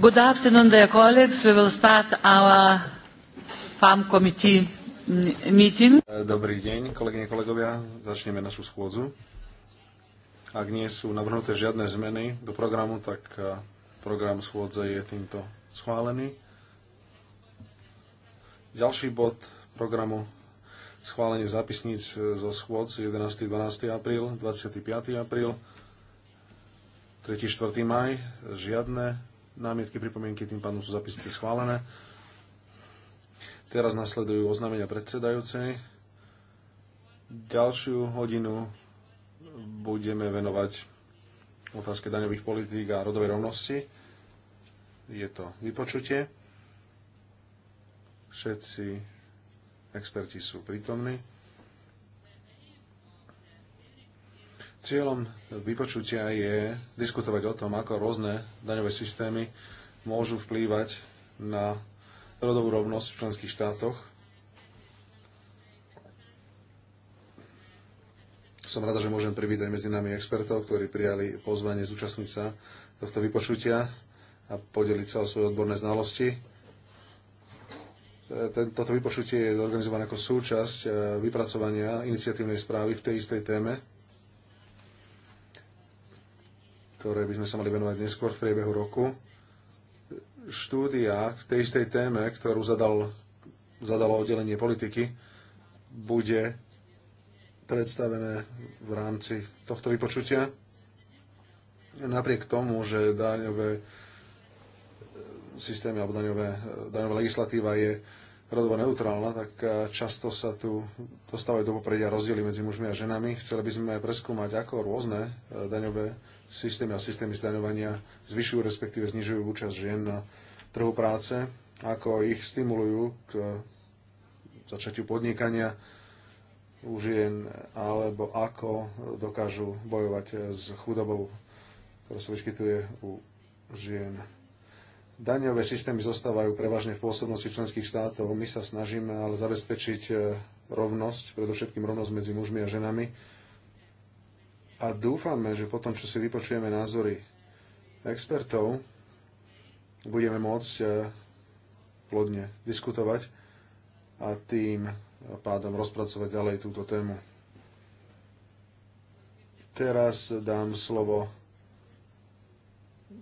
Good afternoon, dear colleagues. We will start our farm committee meeting. Dobrý deň, kolegyne, kolegovia. Začneme našu schôdzu. Ak nie sú navrhnuté žiadne zmeny do programu, tak e, program schôdze je týmto schválený. Ďalší bod programu schválenie zápisníc zo schôdz 11. 12. apríl, 25. apríl, 3. 4. maj, žiadne námietky, pripomienky, tým pádom sú zapisnice schválené. Teraz nasledujú oznámenia predsedajúcej. Ďalšiu hodinu budeme venovať otázke daňových politík a rodovej rovnosti. Je to vypočutie. Všetci experti sú prítomní. Cieľom vypočutia je diskutovať o tom, ako rôzne daňové systémy môžu vplývať na rodovú rovnosť v členských štátoch. Som rada, že môžem privítať medzi nami expertov, ktorí prijali pozvanie zúčastniť sa tohto vypočutia a podeliť sa o svoje odborné znalosti. E, toto vypočutie je organizované ako súčasť e, vypracovania iniciatívnej správy v tej istej téme ktoré by sme sa mali venovať neskôr v priebehu roku. Štúdia k tej istej téme, ktorú zadal, zadalo oddelenie politiky, bude predstavené v rámci tohto vypočutia. Napriek tomu, že daňové e, systémy alebo daňové, e, daňová legislatíva je rodovo neutrálna, tak e, často sa tu dostávajú do popredia rozdiely medzi mužmi a ženami. Chceli by sme preskúmať, ako rôzne daňové systémy a systémy zdaňovania zvyšujú, respektíve znižujú účasť žien na trhu práce, ako ich stimulujú k začiatiu podnikania u žien, alebo ako dokážu bojovať s chudobou, ktorá sa vyskytuje u žien. Daňové systémy zostávajú prevažne v pôsobnosti členských štátov. My sa snažíme ale zabezpečiť eh, rovnosť, predovšetkým rovnosť medzi mužmi a ženami, a dúfame, že potom, čo si vypočujeme názory expertov, budeme môcť e, plodne diskutovať a tým pádom rozpracovať ďalej túto tému. Teraz dám slovo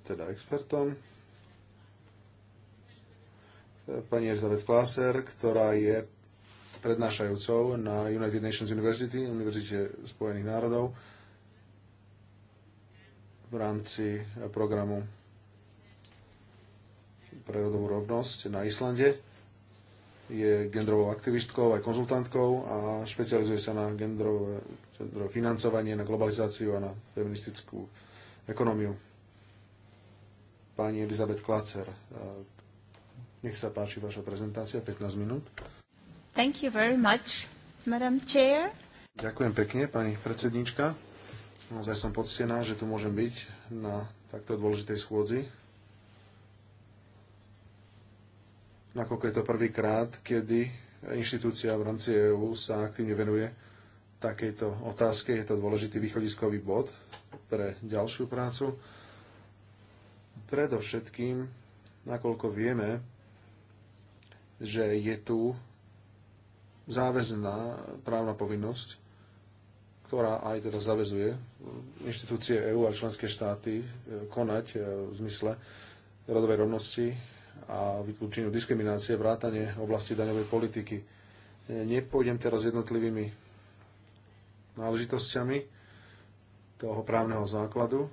teda expertom. Pani Elizabeth Klaser, ktorá je prednášajúcou na United Nations University, Univerzite Spojených národov, v rámci programu pre rodovú rovnosť na Islande. Je genderovou aktivistkou aj konzultantkou a špecializuje sa na genderové, genderové financovanie, na globalizáciu a na feministickú ekonómiu. Pani Elizabeth Klacer, eh, nech sa páči vaša prezentácia, 15 minút. Thank you very much, Madam Chair. Ďakujem pekne, pani predsednička. Naozaj som poctená, že tu môžem byť na takto dôležitej schôdzi. Nakoľko je to prvýkrát, kedy inštitúcia v rámci EÚ sa aktívne venuje takejto otázke. Je to dôležitý východiskový bod pre ďalšiu prácu. Predovšetkým, nakoľko vieme, že je tu záväzná právna povinnosť ktorá aj teda zavezuje inštitúcie EÚ a členské štáty e, konať e, v zmysle rodovej rovnosti a vyklúčeniu diskriminácie, vrátanie oblasti daňovej politiky. E, nepôjdem teraz jednotlivými náležitosťami toho právneho základu,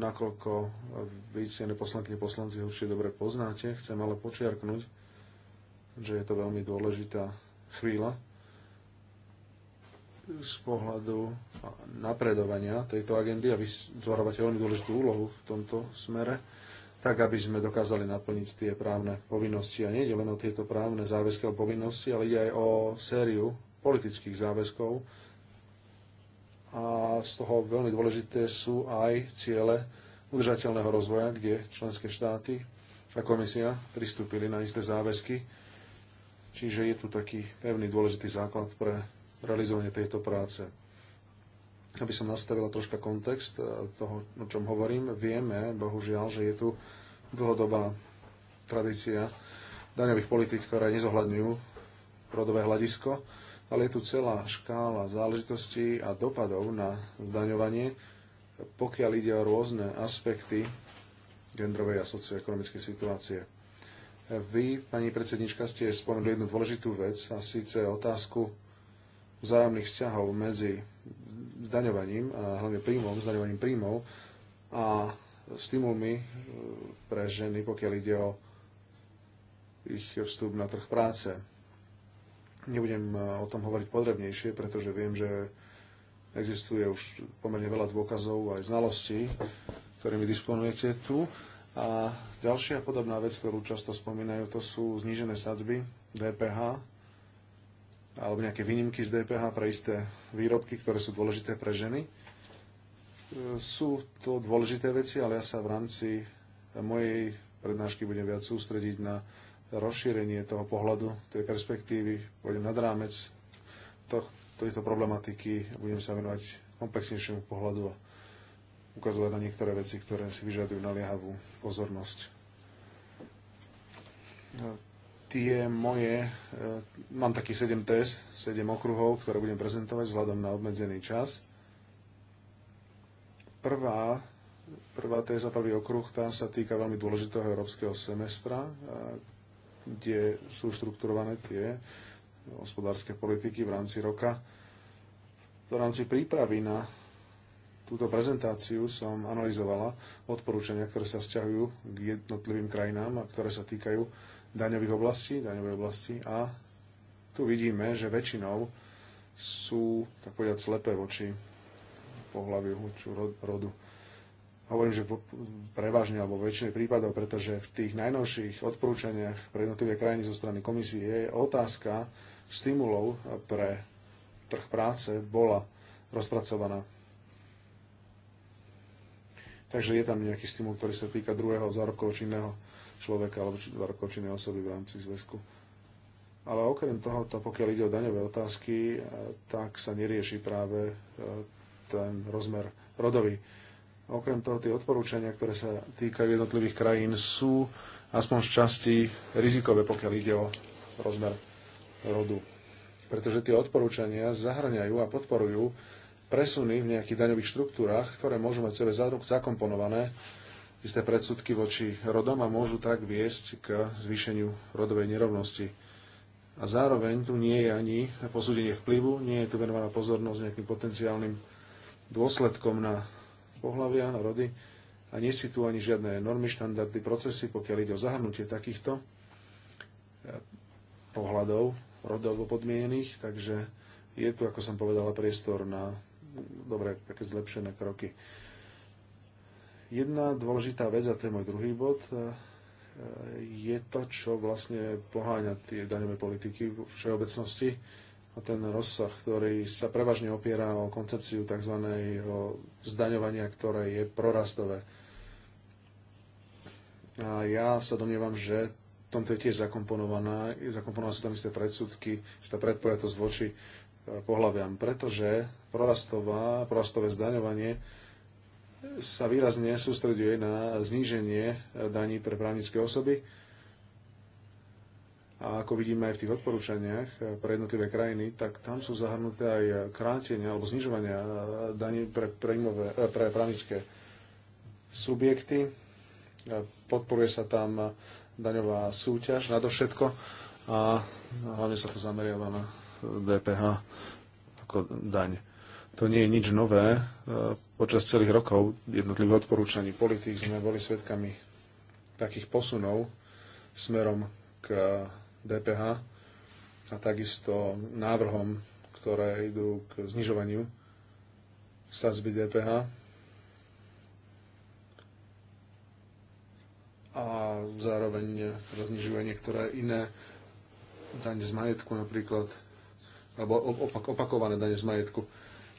nakoľko vy, ctené poslanky poslanci, určite dobre poznáte. Chcem ale počiarknúť, že je to veľmi dôležitá chvíľa, z pohľadu napredovania tejto agendy a vy zohrávate veľmi dôležitú úlohu v tomto smere, tak aby sme dokázali naplniť tie právne povinnosti. A nie len o tieto právne záväzky a povinnosti, ale ide aj o sériu politických záväzkov. A z toho veľmi dôležité sú aj ciele udržateľného rozvoja, kde členské štáty a komisia pristúpili na isté záväzky. Čiže je tu taký pevný dôležitý základ pre realizovanie tejto práce. Aby som nastavila troška kontext e, toho, o čom hovorím, vieme, bohužiaľ, že je tu dlhodobá tradícia daňových politik, ktoré nezohľadňujú rodové hľadisko, ale je tu celá škála záležitostí a dopadov na zdaňovanie, pokiaľ ide o rôzne aspekty gendrovej a socioekonomickej situácie. E, vy, pani predsednička, ste spomenuli jednu dôležitú vec, a síce otázku vzájomných vzťahov medzi zdaňovaním a hlavne príjmom, zdaňovaním príjmov a stimulmi e, pre ženy, pokiaľ ide o ich vstup na trh práce. Nebudem e, o tom hovoriť podrobnejšie, pretože viem, že existuje už pomerne veľa dôkazov aj znalostí, ktorými disponujete tu. A ďalšia podobná vec, ktorú často spomínajú, to sú znížené sadzby DPH alebo nejaké výnimky z DPH pre isté výrobky, ktoré sú dôležité pre ženy. E, sú to dôležité veci, ale ja sa v rámci mojej prednášky budem viac sústrediť na rozšírenie toho pohľadu, tej perspektívy, pôjdem nad rámec tejto problematiky a budem sa venovať komplexnejšiemu pohľadu a ukazovať na niektoré veci, ktoré si vyžadujú naliehavú pozornosť. No, tie moje, e, mám takých 7 test, 7 okruhov, ktoré budem prezentovať vzhľadom na obmedzený čas. Prvá, prvá téza, prvý okruh, tá sa týka veľmi dôležitého európskeho semestra, e, kde sú štrukturované tie hospodárske politiky v rámci roka. V rámci prípravy na túto prezentáciu som analyzovala odporúčania, ktoré sa vzťahujú k jednotlivým krajinám a ktoré sa týkajú daňových oblastí, daňovej oblasti a tu vidíme, že väčšinou sú, tak povedať, slepé voči pohľaviu, voči rodu. Hovorím, že prevažne alebo väčšine prípadov, pretože v tých najnovších odporúčaniach pre jednotlivé krajiny zo strany komisie je otázka stimulov pre trh práce bola rozpracovaná. Takže je tam nejaký stimul, ktorý sa týka druhého zárobkovo činného človeka alebo či dva rokočinné osoby v rámci zväzku. Ale okrem toho, to, pokiaľ ide o daňové otázky, e, tak sa nerieši práve e, ten rozmer rodový. Okrem toho, tie odporúčania, ktoré sa týkajú jednotlivých krajín, sú aspoň z časti rizikové, pokiaľ ide o rozmer rodu. Pretože tie odporúčania zahrňajú a podporujú presuny v nejakých daňových štruktúrach, ktoré môžu mať sebe zakomponované isté predsudky voči rodom a môžu tak viesť k zvýšeniu rodovej nerovnosti. A zároveň tu nie je ani posúdenie vplyvu, nie je tu venovaná pozornosť nejakým potenciálnym dôsledkom na pohľavia, na rody a nie sú tu ani žiadne normy, štandardy, procesy, pokiaľ ide o zahrnutie takýchto eh, pohľadov rodovo podmienených, takže je tu, ako som povedala, priestor na dobre, také zlepšené kroky. Jedna dôležitá vec, a to je môj druhý bod, e, je to, čo vlastne poháňa tie daňové politiky v všeobecnosti a ten rozsah, ktorý sa prevažne opiera o koncepciu tzv. zdaňovania, ktoré je prorastové. A ja sa domnievam, že v tomto je tiež zakomponovaná, zakomponované sú tam isté predsudky, istá predpojatosť voči e, pohľaviam, pretože prorastová, prorastové zdaňovanie sa výrazne sústreďuje na zníženie eh, daní pre právnické osoby. A ako vidíme aj v tých odporúčaniach eh, pre jednotlivé krajiny, tak tam sú zahrnuté aj krátenia alebo znižovania eh, daní pre, príjmové, pre právnické subjekty. Podporuje sa tam daňová súťaž nadovšetko a hlavne sa to zameriava na DPH ako daň. To nie je nič nové. E, počas celých rokov jednotlivých odporúčaní politik sme boli svedkami takých posunov smerom k DPH a takisto návrhom, ktoré idú k znižovaniu sazby DPH. A zároveň teda znižujú niektoré iné dane z majetku napríklad, alebo opak, opakované dane z majetku.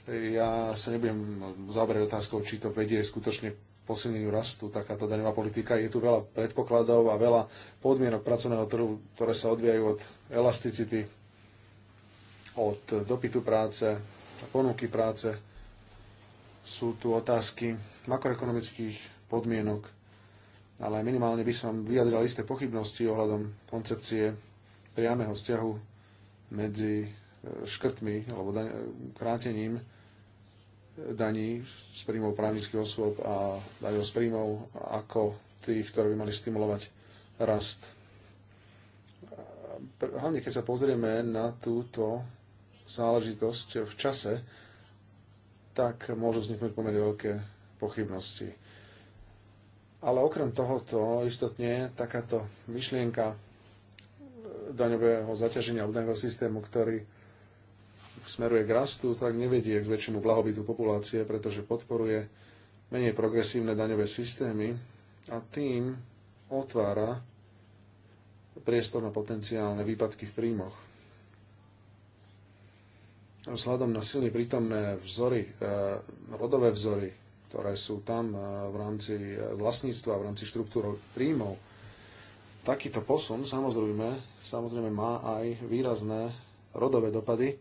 Ja sa nebudem zaoberať otázkou, či to vedie skutočne posilneniu rastu takáto daňová politika. Je tu veľa predpokladov a veľa podmienok pracovného trhu, ktoré sa odvíjajú od elasticity, od dopytu práce, ponuky práce. Sú tu otázky makroekonomických podmienok, ale minimálne by som vyjadril isté pochybnosti ohľadom koncepcie priameho vzťahu medzi e, škrtmi alebo e, krátením daní z príjmov právnických osôb a daňov z príjmov ako tých, ktoré by mali stimulovať rast. Hlavne keď sa pozrieme na túto záležitosť v čase, tak môžu vzniknúť pomerne veľké pochybnosti. Ale okrem tohoto istotne takáto myšlienka daňového zaťaženia od daňového systému, ktorý smeruje k rastu, tak nevedie k väčšiemu blahobytu populácie, pretože podporuje menej progresívne daňové systémy a tým otvára priestor na potenciálne výpadky v príjmoch. Vzhľadom na silne prítomné vzory, eh, rodové vzory, ktoré sú tam eh, v rámci eh, vlastníctva, v rámci štruktúr príjmov, takýto posun samozrejme, samozrejme má aj výrazné rodové dopady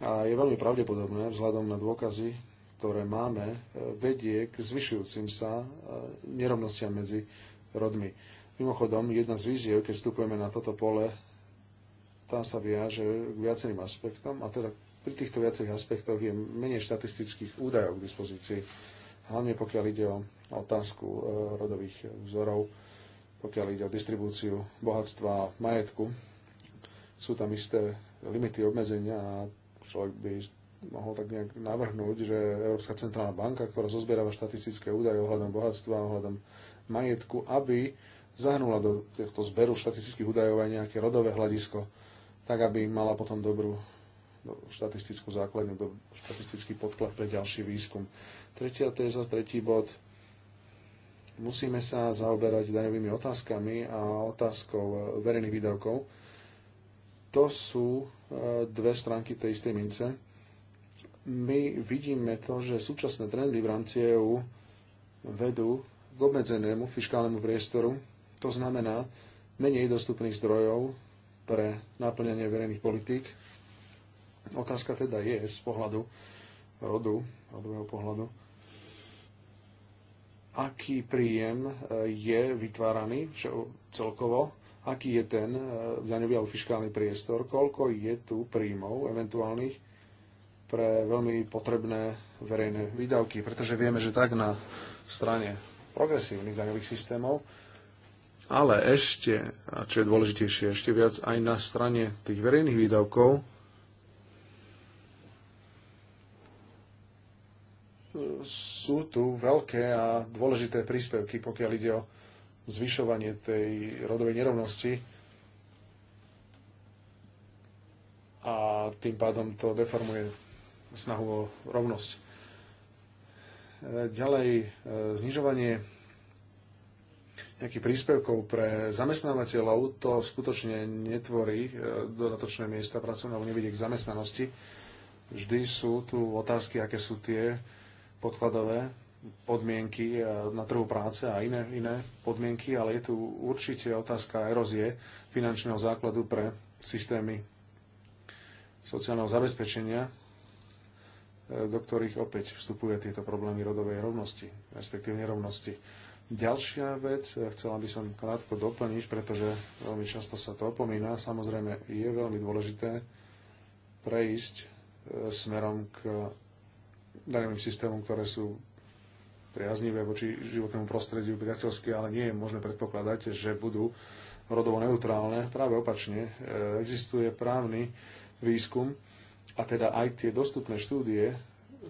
a je veľmi pravdepodobné, vzhľadom na dôkazy, ktoré máme, e, vedie k zvyšujúcim sa e, nerovnostiam medzi rodmi. Mimochodom, jedna z víziev, keď vstupujeme na toto pole, tá sa viaže k viacerým aspektom a teda pri týchto viacerých aspektoch je menej štatistických údajov k dispozícii, hlavne pokiaľ ide o otázku e, rodových vzorov, pokiaľ ide o distribúciu bohatstva a majetku. Sú tam isté limity obmedzenia a človek by mohol tak nejak navrhnúť, že Európska centrálna banka, ktorá zozbierava štatistické údaje ohľadom bohatstva, ohľadom majetku, aby zahrnula do tohto zberu štatistických údajov aj nejaké rodové hľadisko, tak aby mala potom dobrú do no, štatistickú základňu, do štatistický podklad pre ďalší výskum. Tretia téza, tretí bod. Musíme sa zaoberať daňovými otázkami a otázkou eh, verejných výdavkov to sú eh, dve stránky tej istej mince. My vidíme to, že súčasné trendy v rámci EÚ vedú k obmedzenému fiskálnemu priestoru. To znamená menej dostupných zdrojov pre naplňanie verejných politík. Otázka teda je z pohľadu rodu, rodového pohľadu, aký príjem eh, je vytváraný celkovo aký je ten e, daňový alebo fiskálny priestor, koľko je tu príjmov eventuálnych pre veľmi potrebné verejné výdavky, pretože vieme, že tak na strane progresívnych daňových systémov, ale ešte, a čo je dôležitejšie, ešte viac aj na strane tých verejných výdavkov e, sú tu veľké a dôležité príspevky, pokiaľ ide o zvyšovanie tej rodovej nerovnosti a tým pádom to deformuje snahu o rovnosť. Ďalej, e, znižovanie nejakých príspevkov pre zamestnávateľov, to skutočne netvorí e, dodatočné miesta pracovné, alebo nevidie k zamestnanosti. Vždy sú tu otázky, aké sú tie podkladové podmienky e, na trhu práce a iné, iné podmienky, ale je tu určite otázka erózie finančného základu pre systémy sociálneho zabezpečenia, e, do ktorých opäť vstupuje tieto problémy rodovej rovnosti, respektíve nerovnosti. Ďalšia vec, e, chcela by som krátko doplniť, pretože veľmi často sa to opomína, samozrejme je veľmi dôležité prejsť smerom k daňovým systémom, ktoré sú priaznivé voči životnému prostrediu, priateľské, ale nie je možné predpokladať, že budú rodovo neutrálne. Práve opačne, e, existuje právny výskum a teda aj tie dostupné štúdie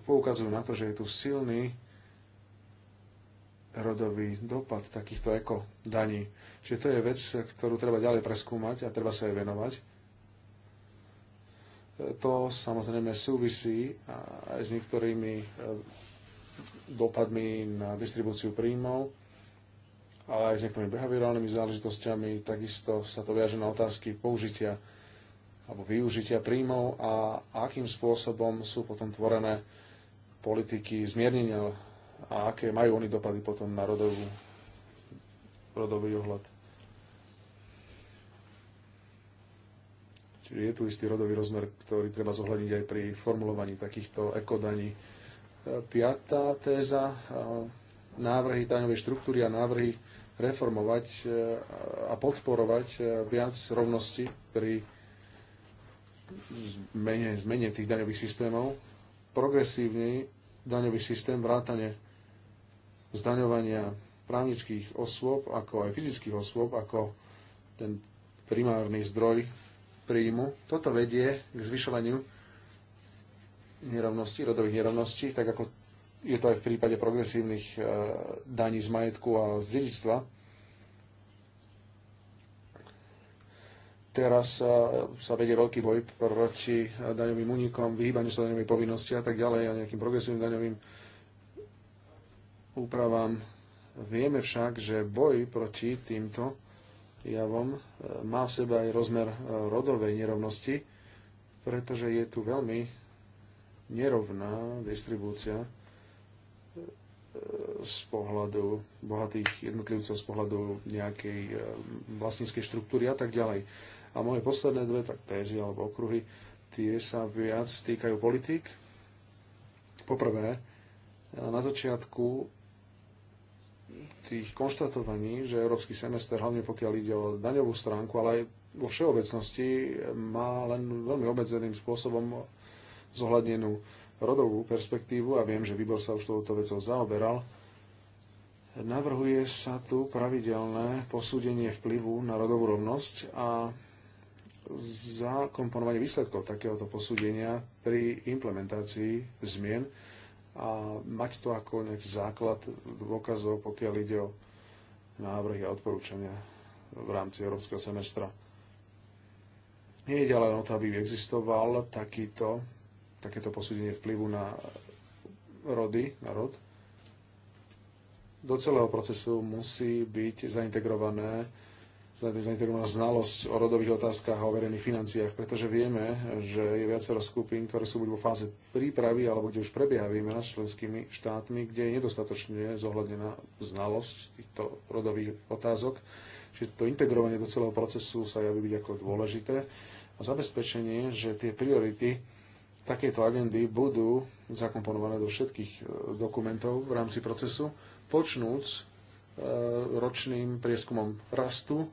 poukazujú na to, že je tu silný rodový dopad takýchto eko daní. Čiže to je vec, ktorú treba ďalej preskúmať a treba sa jej venovať. E, to samozrejme súvisí aj s niektorými e, dopadmi na distribúciu príjmov, ale aj s niektorými behaviorálnymi záležitosťami. Takisto sa to viaže na otázky použitia alebo využitia príjmov a akým spôsobom sú potom tvorené politiky zmiernenia a aké majú oni dopady potom na rodovú, rodový ohľad. Čiže je tu istý rodový rozmer, ktorý treba zohľadniť aj pri formulovaní takýchto ekodaní. Piatá téza, návrhy daňovej štruktúry a návrhy reformovať e, a podporovať e, viac rovnosti pri zmene, zmene tých daňových systémov. Progresívny daňový systém vrátane zdaňovania právnických osôb, ako aj fyzických osôb, ako ten primárny zdroj príjmu. Toto vedie k zvyšovaniu nerovnosti, rodových nerovností, tak ako je to aj v prípade progresívnych e, daní z majetku a z dedičstva. Teraz e, sa vedie veľký boj proti e, daňovým únikom, vyhýbaniu sa daňovej povinnosti a tak ďalej a nejakým progresívnym daňovým úpravám. Vieme však, že boj proti týmto javom má v sebe aj rozmer rodovej nerovnosti, pretože je tu veľmi nerovná distribúcia e, z pohľadu bohatých jednotlivcov, z pohľadu nejakej e, vlastníckej štruktúry a tak ďalej. A moje posledné dve, tak tézy alebo okruhy, tie sa viac týkajú politik. Poprvé, e, na začiatku tých konštatovaní, že európsky semester, hlavne pokiaľ ide o daňovú stránku, ale aj vo všeobecnosti, má len veľmi obmedzeným spôsobom zohľadnenú rodovú perspektívu a viem, že výbor sa už touto vecou zaoberal. Navrhuje sa tu pravidelné posúdenie vplyvu na rodovú rovnosť a zakomponovanie výsledkov takéhoto posúdenia pri implementácii zmien a mať to ako nejaký základ dôkazov, pokiaľ ide o návrhy a odporúčania v rámci európskeho semestra. Nie je ďalej o to, aby existoval takýto takéto posúdenie vplyvu na rody, na rod. Do celého procesu musí byť zaintegrované zaintegrovaná znalosť o rodových otázkach a o verejných financiách, pretože vieme, že je viacero skupín, ktoré sú buď vo fáze prípravy, alebo kde už prebieha výmena s členskými štátmi, kde je nedostatočne zohľadnená znalosť týchto rodových otázok. Čiže to integrovanie do celého procesu sa javí byť ako dôležité a zabezpečenie, že tie priority takéto agendy budú zakomponované do všetkých e, dokumentov v rámci procesu, počnúc e, ročným prieskumom rastu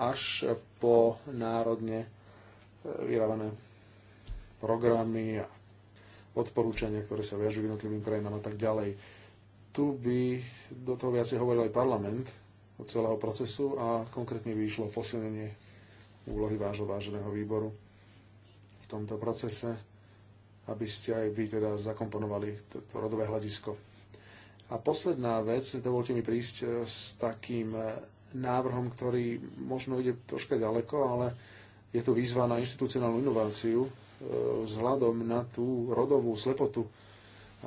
až po národne e, vyrávané programy a odporúčania, ktoré sa viažujú jednotlivým krajinám a tak ďalej. Tu by do toho viacej hovoril aj parlament od celého procesu a konkrétne by išlo posilnenie úlohy vášho váženého výboru tomto procese, aby ste aj vy teda zakomponovali to rodové hľadisko. A posledná vec, dovolte mi prísť e, s takým e, návrhom, ktorý možno ide troška ďaleko, ale je to výzva na inštitucionálnu inováciu e, vzhľadom na tú rodovú slepotu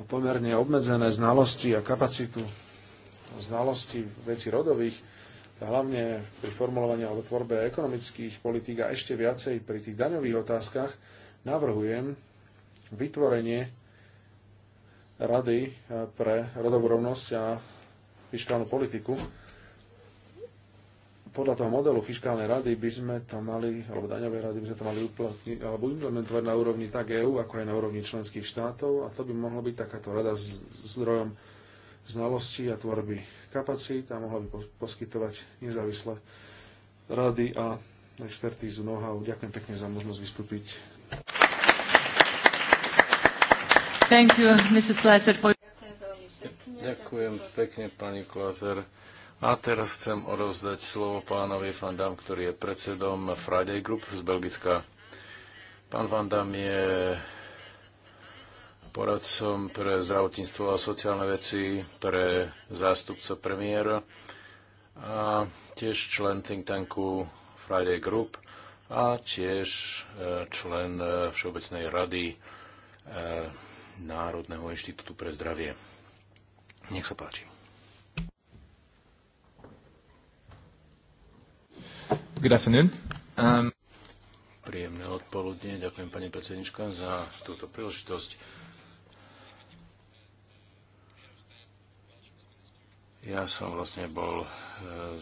a pomerne obmedzené znalosti a kapacitu znalosti veci rodových hlavne pri formulovaní alebo tvorbe ekonomických politík a ešte viacej pri tých daňových otázkach navrhujem vytvorenie rady pre rodovú rovnosť a fiskálnu politiku. Podľa toho modelu fiskálnej rady by sme to mali, alebo daňovej rady by sme to mali uplatniť, alebo implementovať na úrovni tak EÚ, ako aj na úrovni členských štátov a to by mohla byť takáto rada s zdrojom znalosti a tvorby kapacít a mohla by poskytovať nezávislé rady a expertízu know-how. Ďakujem pekne za možnosť vystúpiť. Thank you, Mrs. Glaser, for... Ďakujem pekne, pani Klaser. A teraz chcem odovzdať slovo pánovi Van Damme, ktorý je predsedom Friday Group z Belgicka. Pán Van Damme je poradcom pre zdravotníctvo a sociálne veci, pre zástupca premiéra a tiež člen think tanku Friday Group a tiež e, člen e, Všeobecnej rady e, Národného inštitútu pre zdravie. Nech sa páči. Good afternoon. Um... Príjemné odpoludne. Ďakujem pani predsednička za túto príležitosť. Ja som vlastne bol e,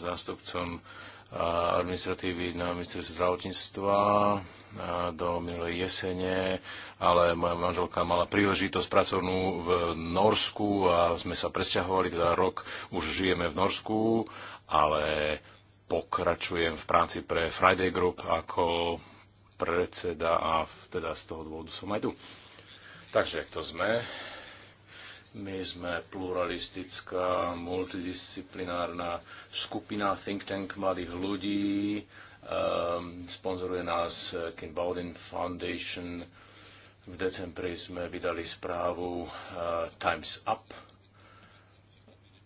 zástupcom e, administratívy na ministerstve zdravotníctva e, do minulej jesene, ale moja manželka mala príležitosť pracovnú v Norsku a sme sa presťahovali, teda rok už žijeme v Norsku, ale pokračujem v práci pre Friday Group ako predseda a teda z toho dôvodu som aj tu. Takže to sme. My sme pluralistická, multidisciplinárna skupina think tank mladých ľudí. Um, sponzoruje nás Kim Bowden Foundation. V decembri sme vydali správu uh, Times Up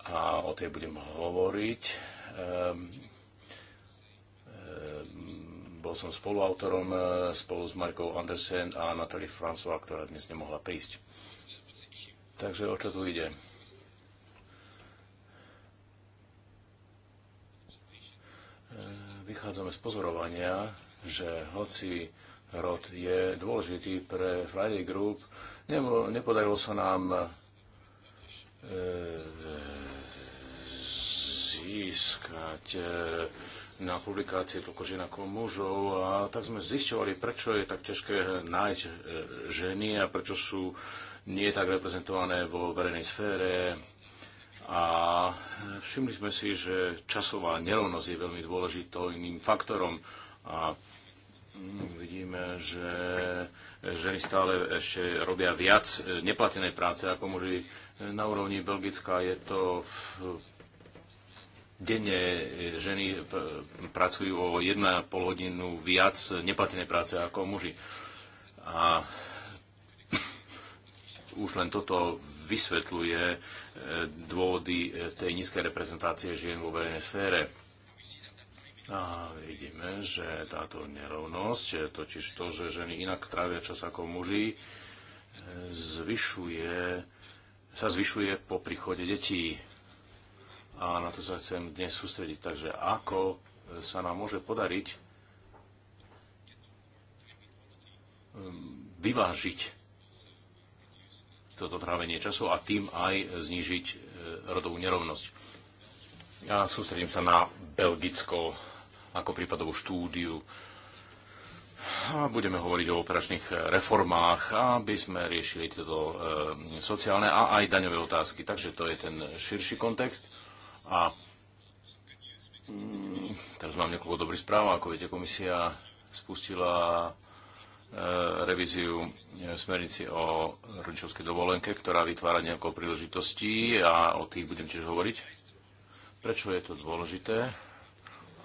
a o tej budem hovoriť. Um, um, bol som spoluautorom uh, spolu s Markou Andersen a Natalie François, ktorá dnes nemohla prísť. Takže o čo tu ide? Vychádzame z pozorovania, že hoci rod je dôležitý pre Friday Group, nepodarilo sa nám e, získať e, na publikácie toľko žien ako mužov a tak sme zisťovali, prečo je tak ťažké nájsť e, ženy a prečo sú nie je tak reprezentované vo verejnej sfére a všimli sme si, že časová nerovnosť je veľmi iným faktorom a vidíme, že ženy stále ešte robia viac neplatenej práce ako muži. Na úrovni Belgická je to denne ženy pracujú o 1,5 hodinu viac neplatenej práce ako muži. A už len toto vysvetľuje e, dôvody e, tej nízkej reprezentácie žien vo verejnej sfére. A vidíme, že táto nerovnosť, e, totiž to, že ženy inak trávia čas ako muži, zvyšuje, sa zvyšuje po príchode detí. A na to sa chcem dnes sústrediť. Takže ako sa nám môže podariť mm, vyvážiť toto trávenie času a tým aj znížiť e, rodovú nerovnosť. Ja sústredím sa na Belgicko ako prípadovú štúdiu. A budeme hovoriť o operačných e, reformách, aby sme riešili tieto e, sociálne a aj daňové otázky. Takže to je ten širší kontext. A mm, teraz mám niekoľko dobrých správ. Ako viete, komisia spustila E, revíziu e, smernici o rodičovskej dovolenke, ktorá vytvára nejakou príležitostí a o tých budem tiež hovoriť. Prečo je to dôležité,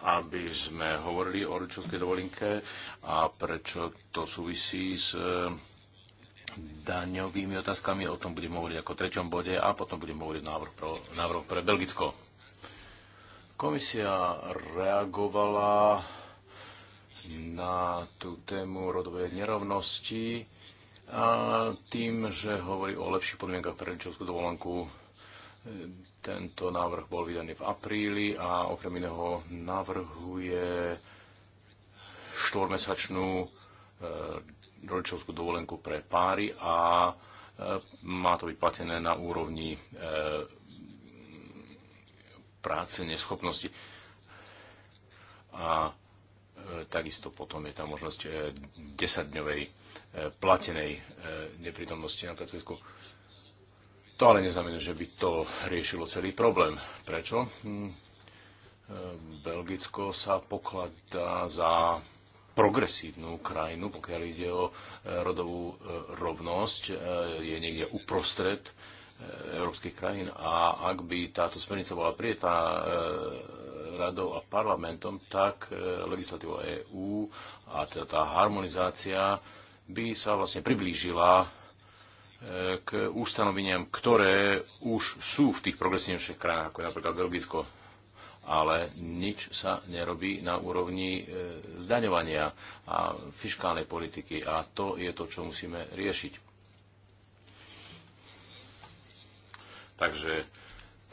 aby sme hovorili o rodičovskej dovolenke a prečo to súvisí s e, daňovými otázkami. O tom budem hovoriť ako treťom bode a potom budem hovoriť návrh pro, návrh pre Belgicko. Komisia reagovala na tú tému rodovej nerovnosti a tým, že hovorí o lepších podmienkach pre rodičovskú dovolenku. Tento návrh bol vydaný v apríli a okrem iného navrhuje štvormesačnú e, rodičovskú dovolenku pre páry a e, má to byť platené na úrovni e, práce neschopnosti. A E, takisto potom je tá možnosť 10-dňovej e, e, platenej neprítomnosti na pracovisku. To ale neznamená, že by to riešilo celý problém. Prečo? Hm. Belgicko sa pokladá za progresívnu krajinu, pokiaľ ide o rodovú rovnosť, je niekde uprostred európskych krajín a ak by táto smernica bola prijetá e, radou a parlamentom, tak e, legislatíva EÚ a teda tá harmonizácia by sa vlastne priblížila e, k ustanoveniam, ktoré už sú v tých progresívnejších krajinách, ako je napríklad Belgicko. Ale nič sa nerobí na úrovni zdaňovania a fiskálnej politiky a to je to, čo musíme riešiť. Takže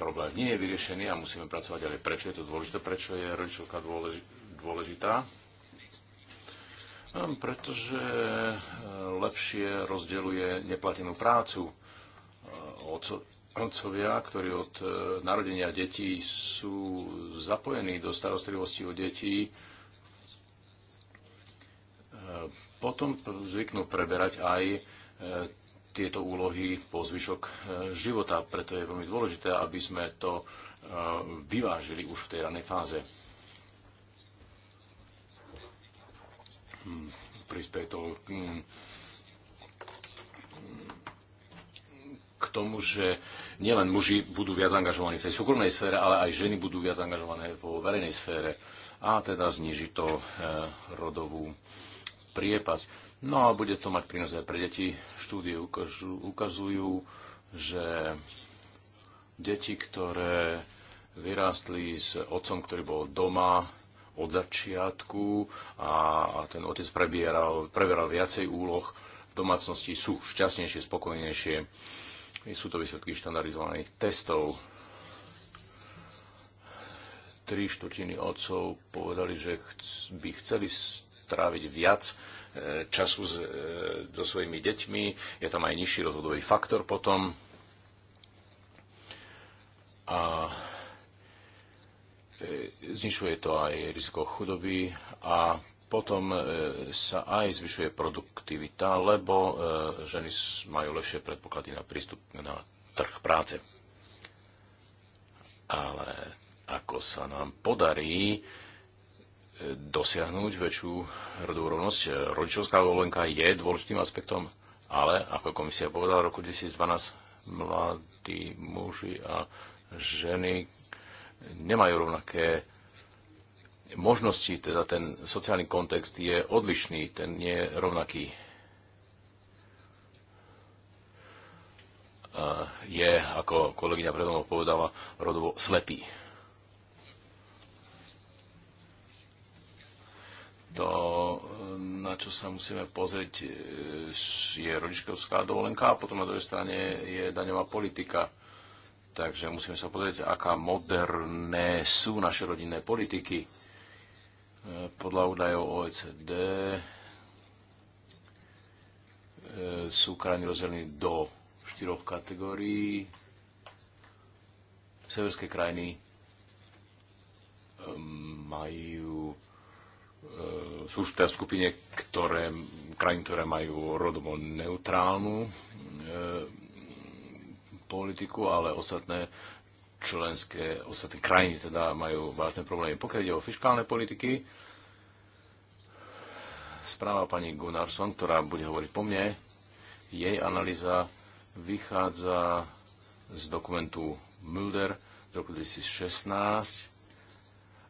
problém nie je vyriešený a musíme pracovať ďalej. Prečo je to dôležité? Prečo je rodičovka dôležitá? Hm, pretože eh, lepšie rozdeluje neplatenú prácu. Eh, otcovia, ktorí od eh, narodenia detí sú zapojení do starostlivosti o detí, potom zvyknú preberať aj tieto úlohy po zvyšok e, života. Preto je veľmi dôležité, aby sme to e, vyvážili už v tej ranej fáze. Hm, prispieje to hm, k tomu, že nielen muži budú viac angažovaní v tej súkromnej sfére, ale aj ženy budú viac angažované vo verejnej sfére a teda zniží to e, rodovú priepasť No a bude to mať prínos aj pre deti. Štúdie ukazujú, že deti, ktoré vyrástli s otcom, ktorý bol doma od začiatku a, a ten otec prebieral, preberal viacej úloh v domácnosti, sú šťastnejšie, spokojnejšie. Sú to výsledky štandardizovaných testov. Tri štvrtiny otcov povedali, že by chceli stráviť viac E, času s, e, so svojimi deťmi, je tam aj nižší rozhodový faktor potom. A e, znižuje to aj riziko chudoby a potom sa aj zvyšuje produktivita, lebo ženy majú lepšie predpoklady na prístup na trh práce. Ale ako sa nám podarí dosiahnuť väčšiu rodovú rovnosť. Rodičovská dovolenka je dôležitým aspektom, ale ako komisia povedala v roku 2012, mladí muži a ženy nemajú rovnaké možnosti, teda ten sociálny kontext je odlišný, ten nie je rovnaký. Je, ako kolegyňa predomov povedala, rodovo slepý. to, na čo sa musíme pozrieť, e, je rodičkovská dovolenka a potom na druhej strane je daňová politika. Takže musíme sa pozrieť, aká moderné sú naše rodinné politiky. E, podľa údajov OECD e, sú krajiny rozdelení do štyroch kategórií. Severské krajiny majú E, sú v tej teda skupine ktoré, krajín, ktoré majú rodovo neutrálnu e, politiku, ale ostatné členské, ostatné krajiny teda majú vážne problémy. Pokiaľ ide o fiskálne politiky, správa pani Gunnarsson, ktorá bude hovoriť po mne, jej analýza vychádza z dokumentu Mulder z roku 2016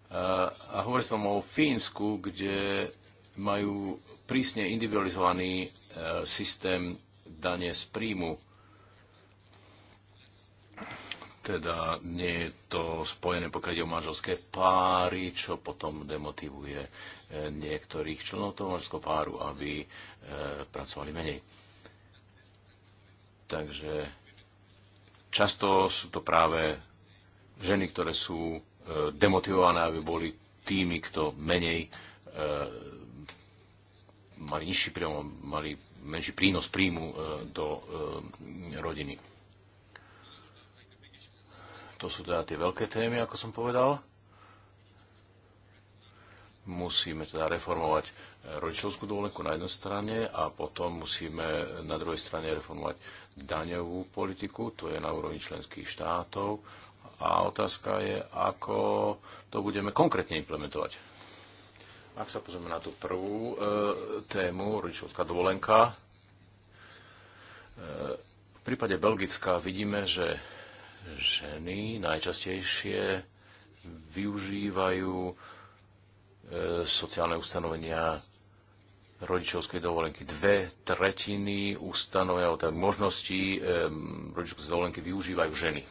a hovorí sa o Fínsku, kde majú prísne individualizovaný e, systém dane z príjmu. Teda nie je to spojené, pokiaľ ide o manželské páry, čo potom demotivuje e, niektorých členov toho manželského páru, aby e, pracovali menej. Takže často sú to práve ženy, ktoré sú E, demotivované, aby boli tými, kto menej e, mali nižší príjom, mali menší prínos príjmu e, do rodiny. To sú teda tie veľké témy, ako som povedal. Musíme teda reformovať rodičovskú dovolenku na jednej strane a potom musíme na druhej strane reformovať daňovú politiku, to je na úrovni členských štátov a otázka je, ako to budeme konkrétne implementovať. Ak sa pozrieme na tú prvú e, tému, rodičovská dovolenka, e, v prípade Belgická vidíme, že ženy najčastejšie využívajú e, sociálne ustanovenia rodičovskej dovolenky. Dve tretiny ustanovenia, možností e, rodičovskej dovolenky využívajú ženy.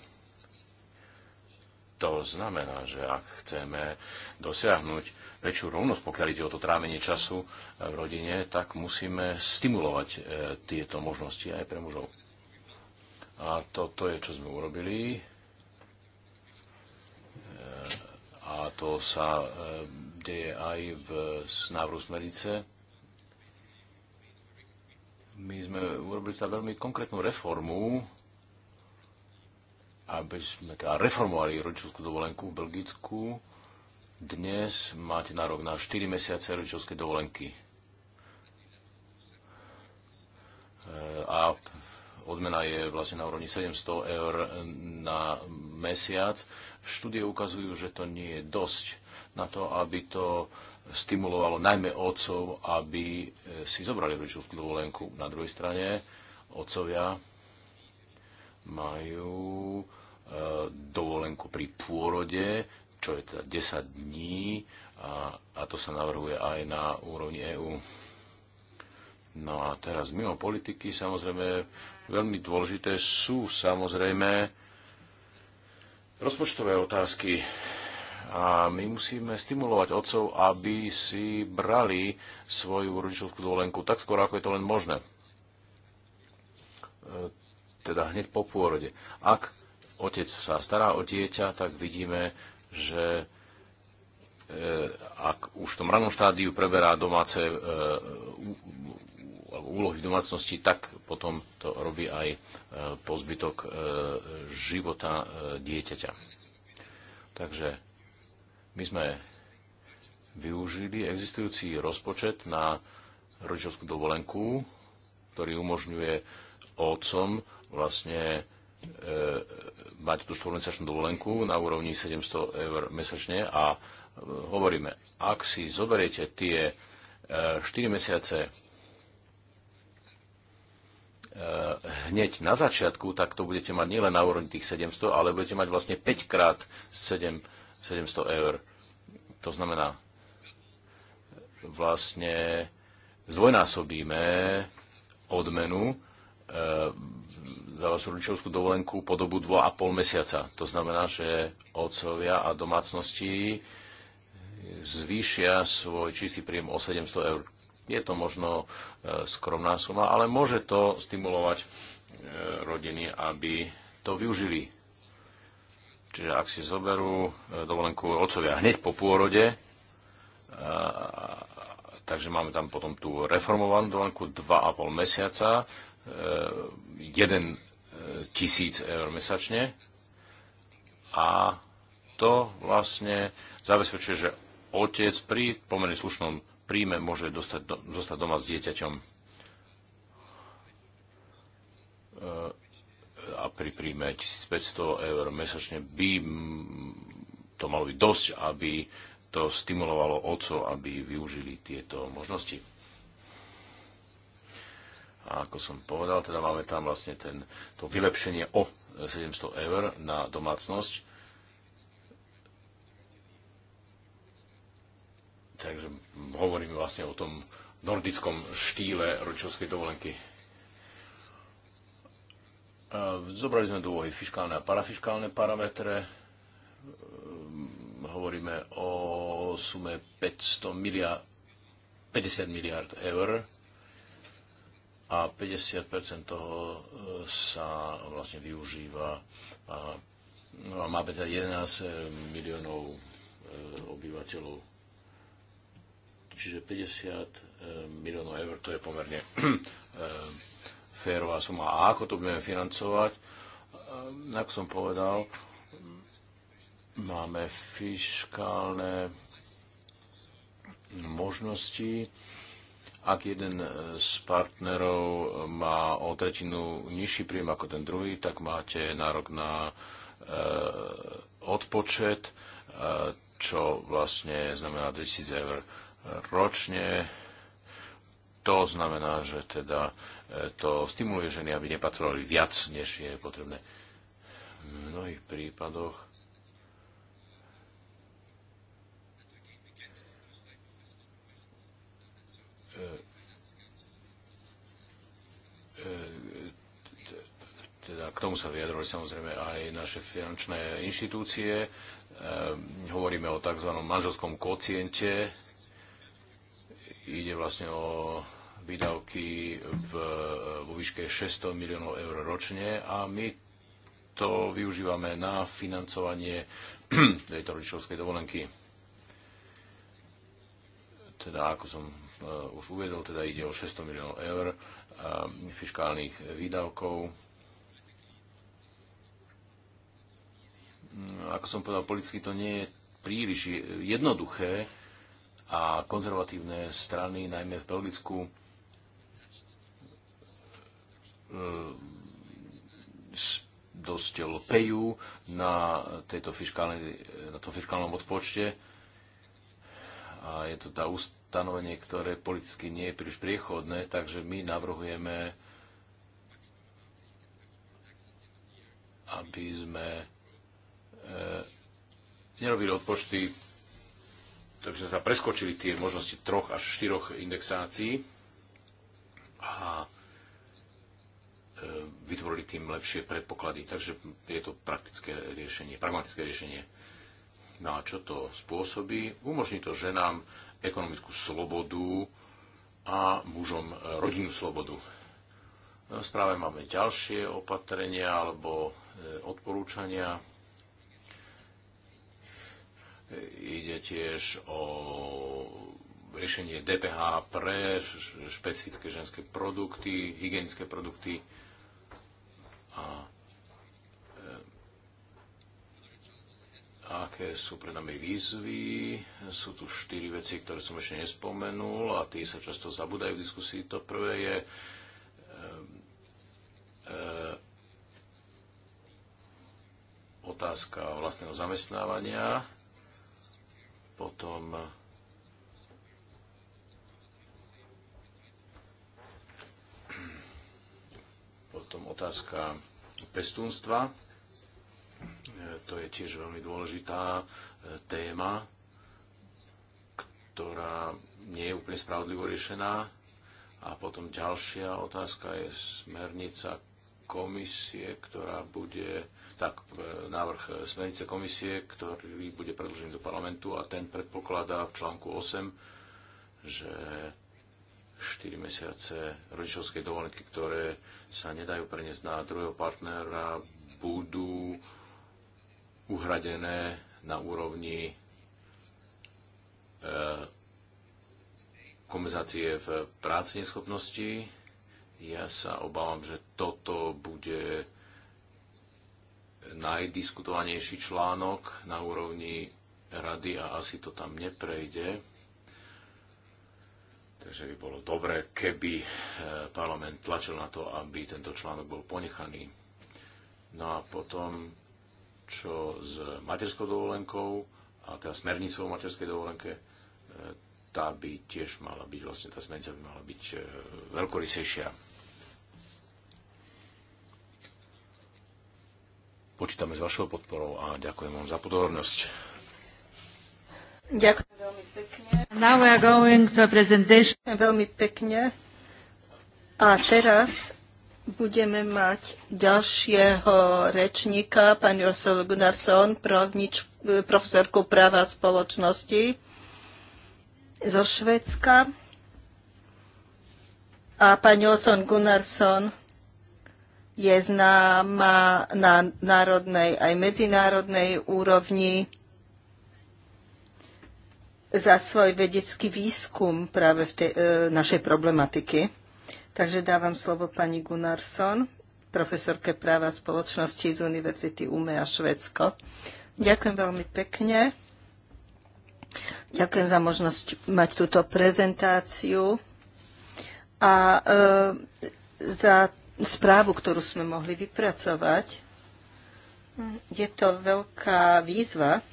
To znamená, že ak chceme dosiahnuť väčšiu rovnosť, pokiaľ ide o to trávenie času v rodine, tak musíme stimulovať e, tieto možnosti aj pre mužov. A toto je, čo sme urobili. E, a to sa e, deje aj v návrhu smerice. My sme urobili teda veľmi konkrétnu reformu aby sme teda reformovali rodičovskú dovolenku v Belgicku. Dnes máte nárok na 4 mesiace rodičovské dovolenky. E, a odmena je vlastne na úrovni 700 eur na mesiac. Štúdie ukazujú, že to nie je dosť na to, aby to stimulovalo najmä otcov, aby e, si zobrali rodičovskú dovolenku. Na druhej strane otcovia majú e, dovolenku pri pôrode, čo je teda 10 dní a, a to sa navrhuje aj na úrovni EÚ. No a teraz mimo politiky samozrejme veľmi dôležité sú samozrejme rozpočtové otázky. A my musíme stimulovať otcov, aby si brali svoju rodičovskú dovolenku tak skoro, ako je to len možné e, teda hneď po pôrode. Ak otec sa stará o dieťa, tak vidíme, že e, ak už v tom ranom štádiu preberá domáce e, úlohy v domácnosti, tak potom to robí aj e, pozbytok života dieťaťa. Takže my sme využili existujúci rozpočet na rodičovskú dovolenku, ktorý umožňuje otcom vlastne e, mať tú štvormesačnú dovolenku na úrovni 700 eur mesačne a e, hovoríme, ak si zoberiete tie 4 e, mesiace hneď na začiatku, tak to budete mať nielen na úrovni tých 700, ale budete mať vlastne 5 krát 7, 700 eur. To znamená, vlastne zdvojnásobíme odmenu E, za vašu rodičovskú dovolenku po dobu 2,5 mesiaca. To znamená, že otcovia a domácnosti zvýšia svoj čistý príjem o 700 eur. Je to možno e, skromná suma, ale môže to stimulovať e, rodiny, aby to využili. Čiže ak si zoberú dovolenku otcovia hneď po pôrode, takže máme tam potom tú reformovanú dovolenku 2,5 mesiaca, 1 e, e, tisíc eur mesačne a to vlastne zabezpečuje, že otec pri pomerne slušnom príjme môže dostať do, zostať doma s dieťaťom e, a pri príjme 1500 eur mesačne by to malo byť dosť, aby to stimulovalo oco, aby využili tieto možnosti. A ako som povedal, teda máme tam vlastne ten, to vylepšenie o 700 eur na domácnosť. Takže hovoríme vlastne o tom nordickom štýle rodičovskej dovolenky. Zobrali sme do úvahy fiskálne a parafiskálne parametre. Ehm, hovoríme o sume 500 miliard, 50 miliard eur a 50 toho e, sa vlastne využíva a, no a máme teda 11 miliónov e, obyvateľov. Čiže 50 e, miliónov eur to je pomerne férová suma. A ako to budeme financovať? Ako som povedal, máme fiskálne možnosti ak jeden e, z partnerov e, má o tretinu nižší príjem ako ten druhý, tak máte nárok na e, odpočet, čo vlastne znamená 2000 eur ročne. To znamená, že teda to stimuluje ženy, aby nepatrovali viac, než je potrebné. V mnohých prípadoch E, teda k tomu sa vyjadrovali samozrejme aj naše finančné inštitúcie. E, hovoríme o tzv. manželskom kociente. Ide vlastne o výdavky v, vo výške 600 miliónov eur ročne a my to využívame na financovanie tejto rodičovskej dovolenky. Teda, ako som e, už uvedol, teda ide o 600 miliónov eur Ehm, fiskálnych výdavkov. Mm, ako som povedal, politicky to nie je príliš jednoduché a konzervatívne strany, najmä v Belgicku, ehm, dosť lpejú na, tejto na tom fiskálnom odpočte a je to tá úst, stanovenie, ktoré politicky nie je príliš priechodné, takže my navrhujeme, aby sme e, nerobili odpočty, takže sme sa preskočili tie možnosti troch až štyroch indexácií a e, vytvorili tým lepšie predpoklady. Takže je to praktické riešenie, pragmatické riešenie. No a čo to spôsobí? Umožní to ženám ekonomickú slobodu a mužom e, rodinnú slobodu. V správe máme ďalšie opatrenia alebo e, odporúčania. E, ide tiež o riešenie DPH pre špecifické ženské produkty, hygienické produkty a aké sú pre nami výzvy. Sú tu štyri veci, ktoré som ešte nespomenul a tie sa často zabudajú v diskusii. To prvé je e, e, otázka vlastného zamestnávania, potom potom otázka pestúnstva to je tiež veľmi dôležitá e, téma, ktorá nie je úplne spravodlivo riešená. A potom ďalšia otázka je smernica komisie, ktorá bude, tak e, návrh smernice komisie, ktorý bude predložený do parlamentu a ten predpokladá v článku 8, že 4 mesiace rodičovskej dovolenky, ktoré sa nedajú preniesť na druhého partnera, budú uhradené na úrovni e, kompenzácie v práci neschopnosti. Ja sa obávam, že toto bude najdiskutovanejší článok na úrovni rady a asi to tam neprejde. Takže by bolo dobré, keby e, parlament tlačil na to, aby tento článok bol ponechaný. No a potom čo s materskou dovolenkou a teda smernicou o materskej dovolenke, e, tá by tiež mala byť, vlastne tá smernica by mala byť e, veľkorysejšia. Počítame s vašou podporou a ďakujem vám za pozornosť. Ďakujem veľmi pekne. Now we are going to a presentation. Veľmi pekne. A teraz Budeme mať ďalšieho rečníka, pani Ursula Gunnarsson, profesorku práva spoločnosti zo Švedska. A pani Olson Gunnarsson je známa na národnej aj medzinárodnej úrovni za svoj vedecký výskum práve v tej, e, našej problematiky. Takže dávam slovo pani Gunnarsson, profesorke práva spoločnosti z Univerzity Umea a Švedsko. Ďakujem veľmi pekne. Ďakujem za možnosť mať túto prezentáciu a e, za správu, ktorú sme mohli vypracovať. Je to veľká výzva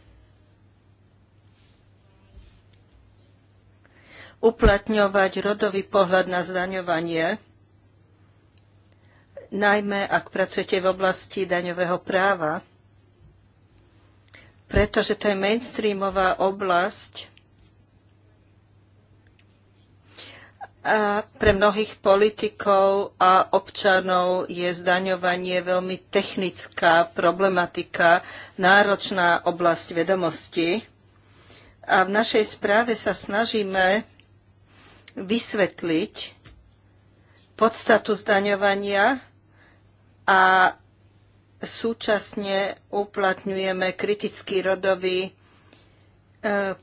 uplatňovať rodový pohľad na zdaňovanie, najmä ak pracujete v oblasti daňového práva, pretože to je mainstreamová oblasť a pre mnohých politikov a občanov je zdaňovanie veľmi technická problematika, náročná oblasť vedomosti. A v našej správe sa snažíme vysvetliť podstatu zdaňovania a súčasne uplatňujeme kritický rodový e,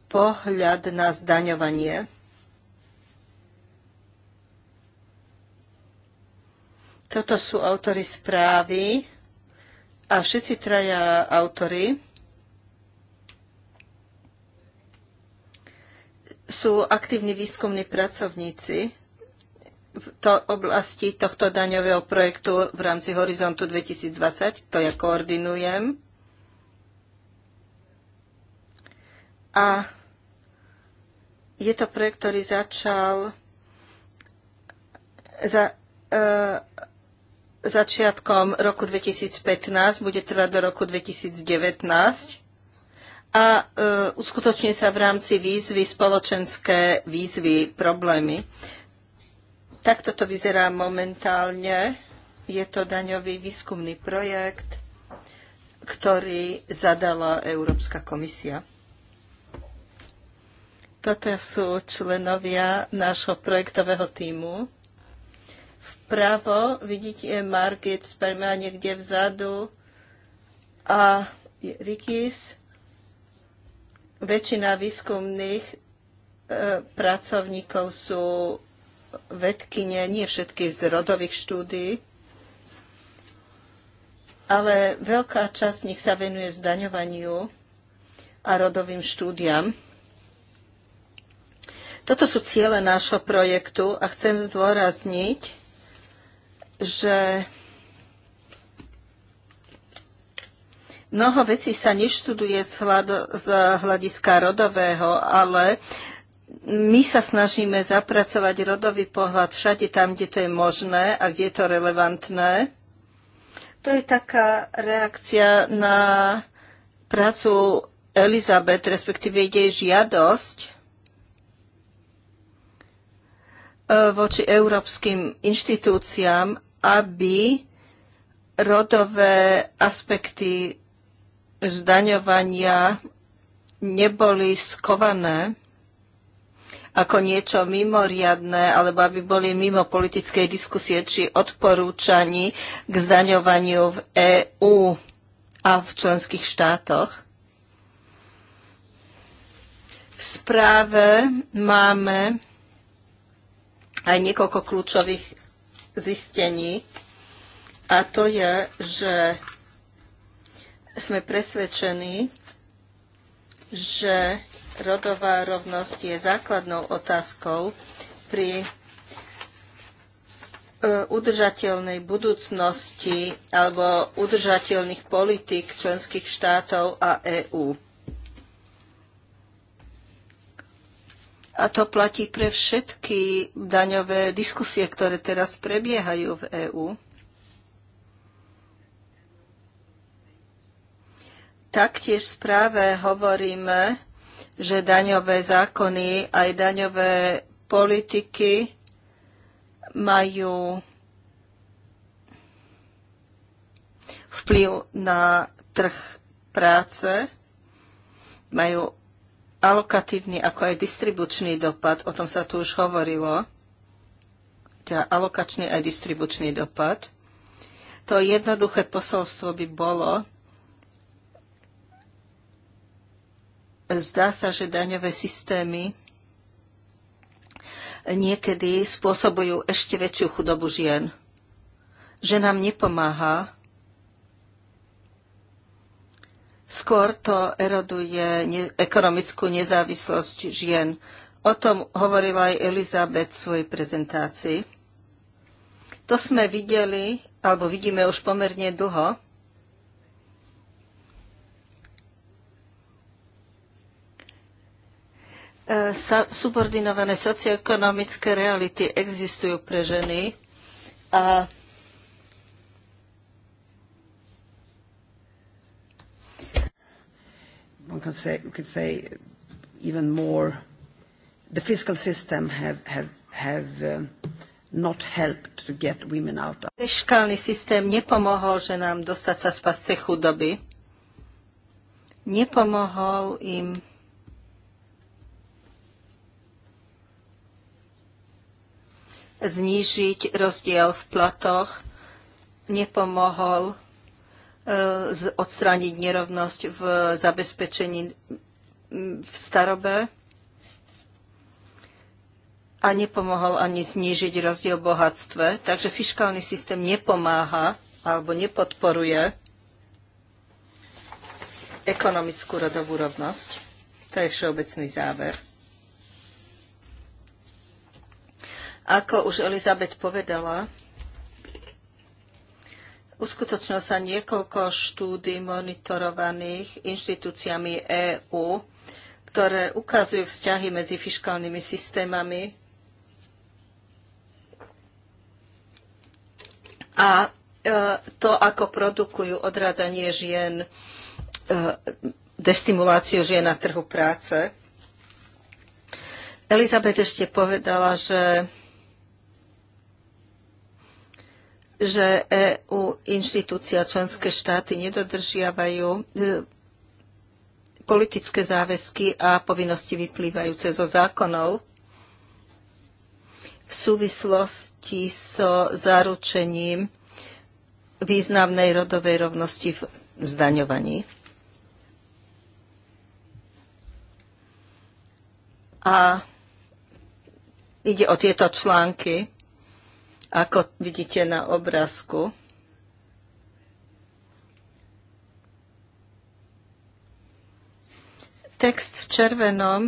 pohľad na zdaňovanie. Toto sú autory správy a všetci traja autory sú aktívni výskumní pracovníci v to oblasti tohto daňového projektu v rámci Horizontu 2020. To ja koordinujem. A je to projekt, ktorý začal za, e, začiatkom roku 2015, bude trvať do roku 2019 a e, uskutoční sa v rámci výzvy spoločenské výzvy problémy. Takto to vyzerá momentálne. Je to daňový výskumný projekt, ktorý zadala Európska komisia. Toto sú členovia nášho projektového týmu. Vpravo vidíte Margit Sperma niekde vzadu a Rikis väčšina výskumných e, pracovníkov sú vedkynie, nie všetky z rodových štúdií, ale veľká časť z nich sa venuje zdaňovaniu a rodovým štúdiam. Toto sú ciele nášho projektu a chcem zdôrazniť, že Mnoho vecí sa neštuduje z, hlado, z hľadiska rodového, ale my sa snažíme zapracovať rodový pohľad všade tam, kde to je možné a kde je to relevantné. To je taká reakcia na prácu Elizabet, respektíve jej žiadosť e, voči európskym inštitúciám, aby rodové aspekty zdaňovania neboli skované ako niečo mimoriadné, alebo aby boli mimo politickej diskusie či odporúčaní k zdaňovaniu v EÚ a v členských štátoch. V správe máme aj niekoľko kľúčových zistení, a to je, že sme presvedčení, že rodová rovnosť je základnou otázkou pri e, udržateľnej budúcnosti alebo udržateľných politik členských štátov a EÚ. A to platí pre všetky daňové diskusie, ktoré teraz prebiehajú v EÚ. Taktiež v správe hovoríme, že daňové zákony aj daňové politiky majú vplyv na trh práce, majú alokatívny ako aj distribučný dopad, o tom sa tu už hovorilo, teda alokačný aj distribučný dopad. To jednoduché posolstvo by bolo, Zdá sa, že daňové systémy niekedy spôsobujú ešte väčšiu chudobu žien. Že nám nepomáha, skôr to eroduje ne- ekonomickú nezávislosť žien. O tom hovorila aj Elizabeth v svojej prezentácii. To sme videli, alebo vidíme už pomerne dlho, subordinované socioekonomické reality existujú pre ženy a one can say, we could say even more, the fiscal system have, have, have um, not helped to get women out of. Fiskálny systém nepomohol že nám dostať sa z pasce chudoby. Nepomohol im znížiť rozdiel v platoch, nepomohol e, odstrániť nerovnosť v zabezpečení v starobe a nepomohol ani znížiť rozdiel v bohatstve. Takže fiskálny systém nepomáha alebo nepodporuje ekonomickú rodovú rovnosť. To je všeobecný záver. Ako už Elizabet povedala, uskutočnilo sa niekoľko štúdí monitorovaných inštitúciami EÚ, ktoré ukazujú vzťahy medzi fiskálnymi systémami a e, to, ako produkujú odrádzanie žien, e, destimuláciu žien na trhu práce. Elizabet ešte povedala, že že EU inštitúcia členské štáty nedodržiavajú e, politické záväzky a povinnosti vyplývajúce zo zákonov v súvislosti so zaručením významnej rodovej rovnosti v zdaňovaní. A ide o tieto články ako vidíte na obrázku. Text v červenom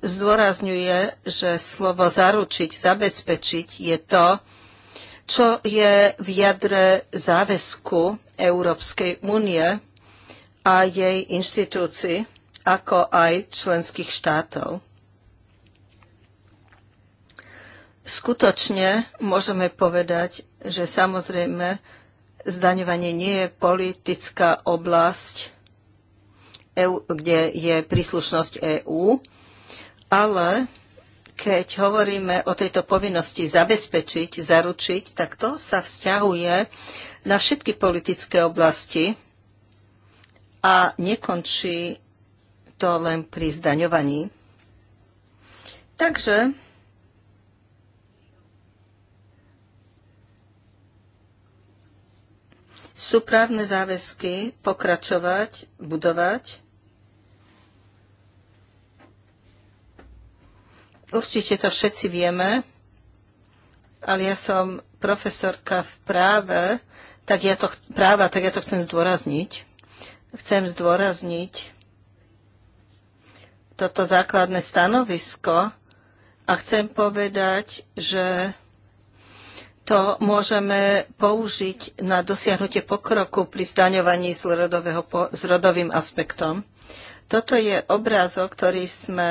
zdôrazňuje, že slovo zaručiť, zabezpečiť je to, čo je v jadre záväzku Európskej únie a jej inštitúcii, ako aj členských štátov. Skutočne môžeme povedať, že samozrejme zdaňovanie nie je politická oblasť, e kde je príslušnosť EÚ, ale keď hovoríme o tejto povinnosti zabezpečiť, zaručiť, tak to sa vzťahuje na všetky politické oblasti a nekončí to len pri zdaňovaní. Takže sú právne záväzky pokračovať, budovať. Určite to všetci vieme, ale ja som profesorka v práve, tak ja to, práva, tak ja to chcem zdôrazniť. Chcem zdôrazniť toto základné stanovisko a chcem povedať, že to môžeme použiť na dosiahnutie pokroku pri zdaňovaní s, po, s rodovým aspektom. Toto je obrázok, ktorý sme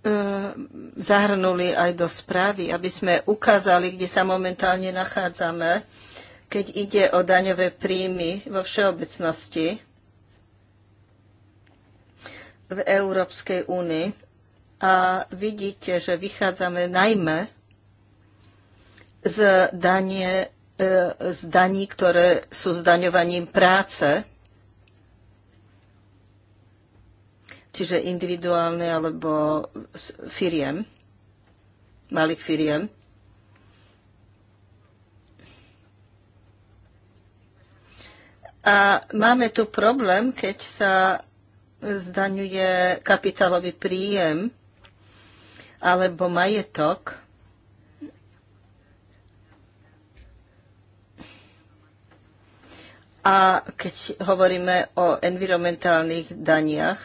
e, zahrnuli aj do správy, aby sme ukázali, kde sa momentálne nachádzame, keď ide o daňové príjmy vo všeobecnosti v Európskej únii a vidíte, že vychádzame najmä z, danie, e, z daní, ktoré sú zdaňovaním práce, čiže individuálne alebo firiem, malých firiem. A máme tu problém, keď sa zdaňuje kapitálový príjem alebo majetok, a keď hovoríme o environmentálnych daniach.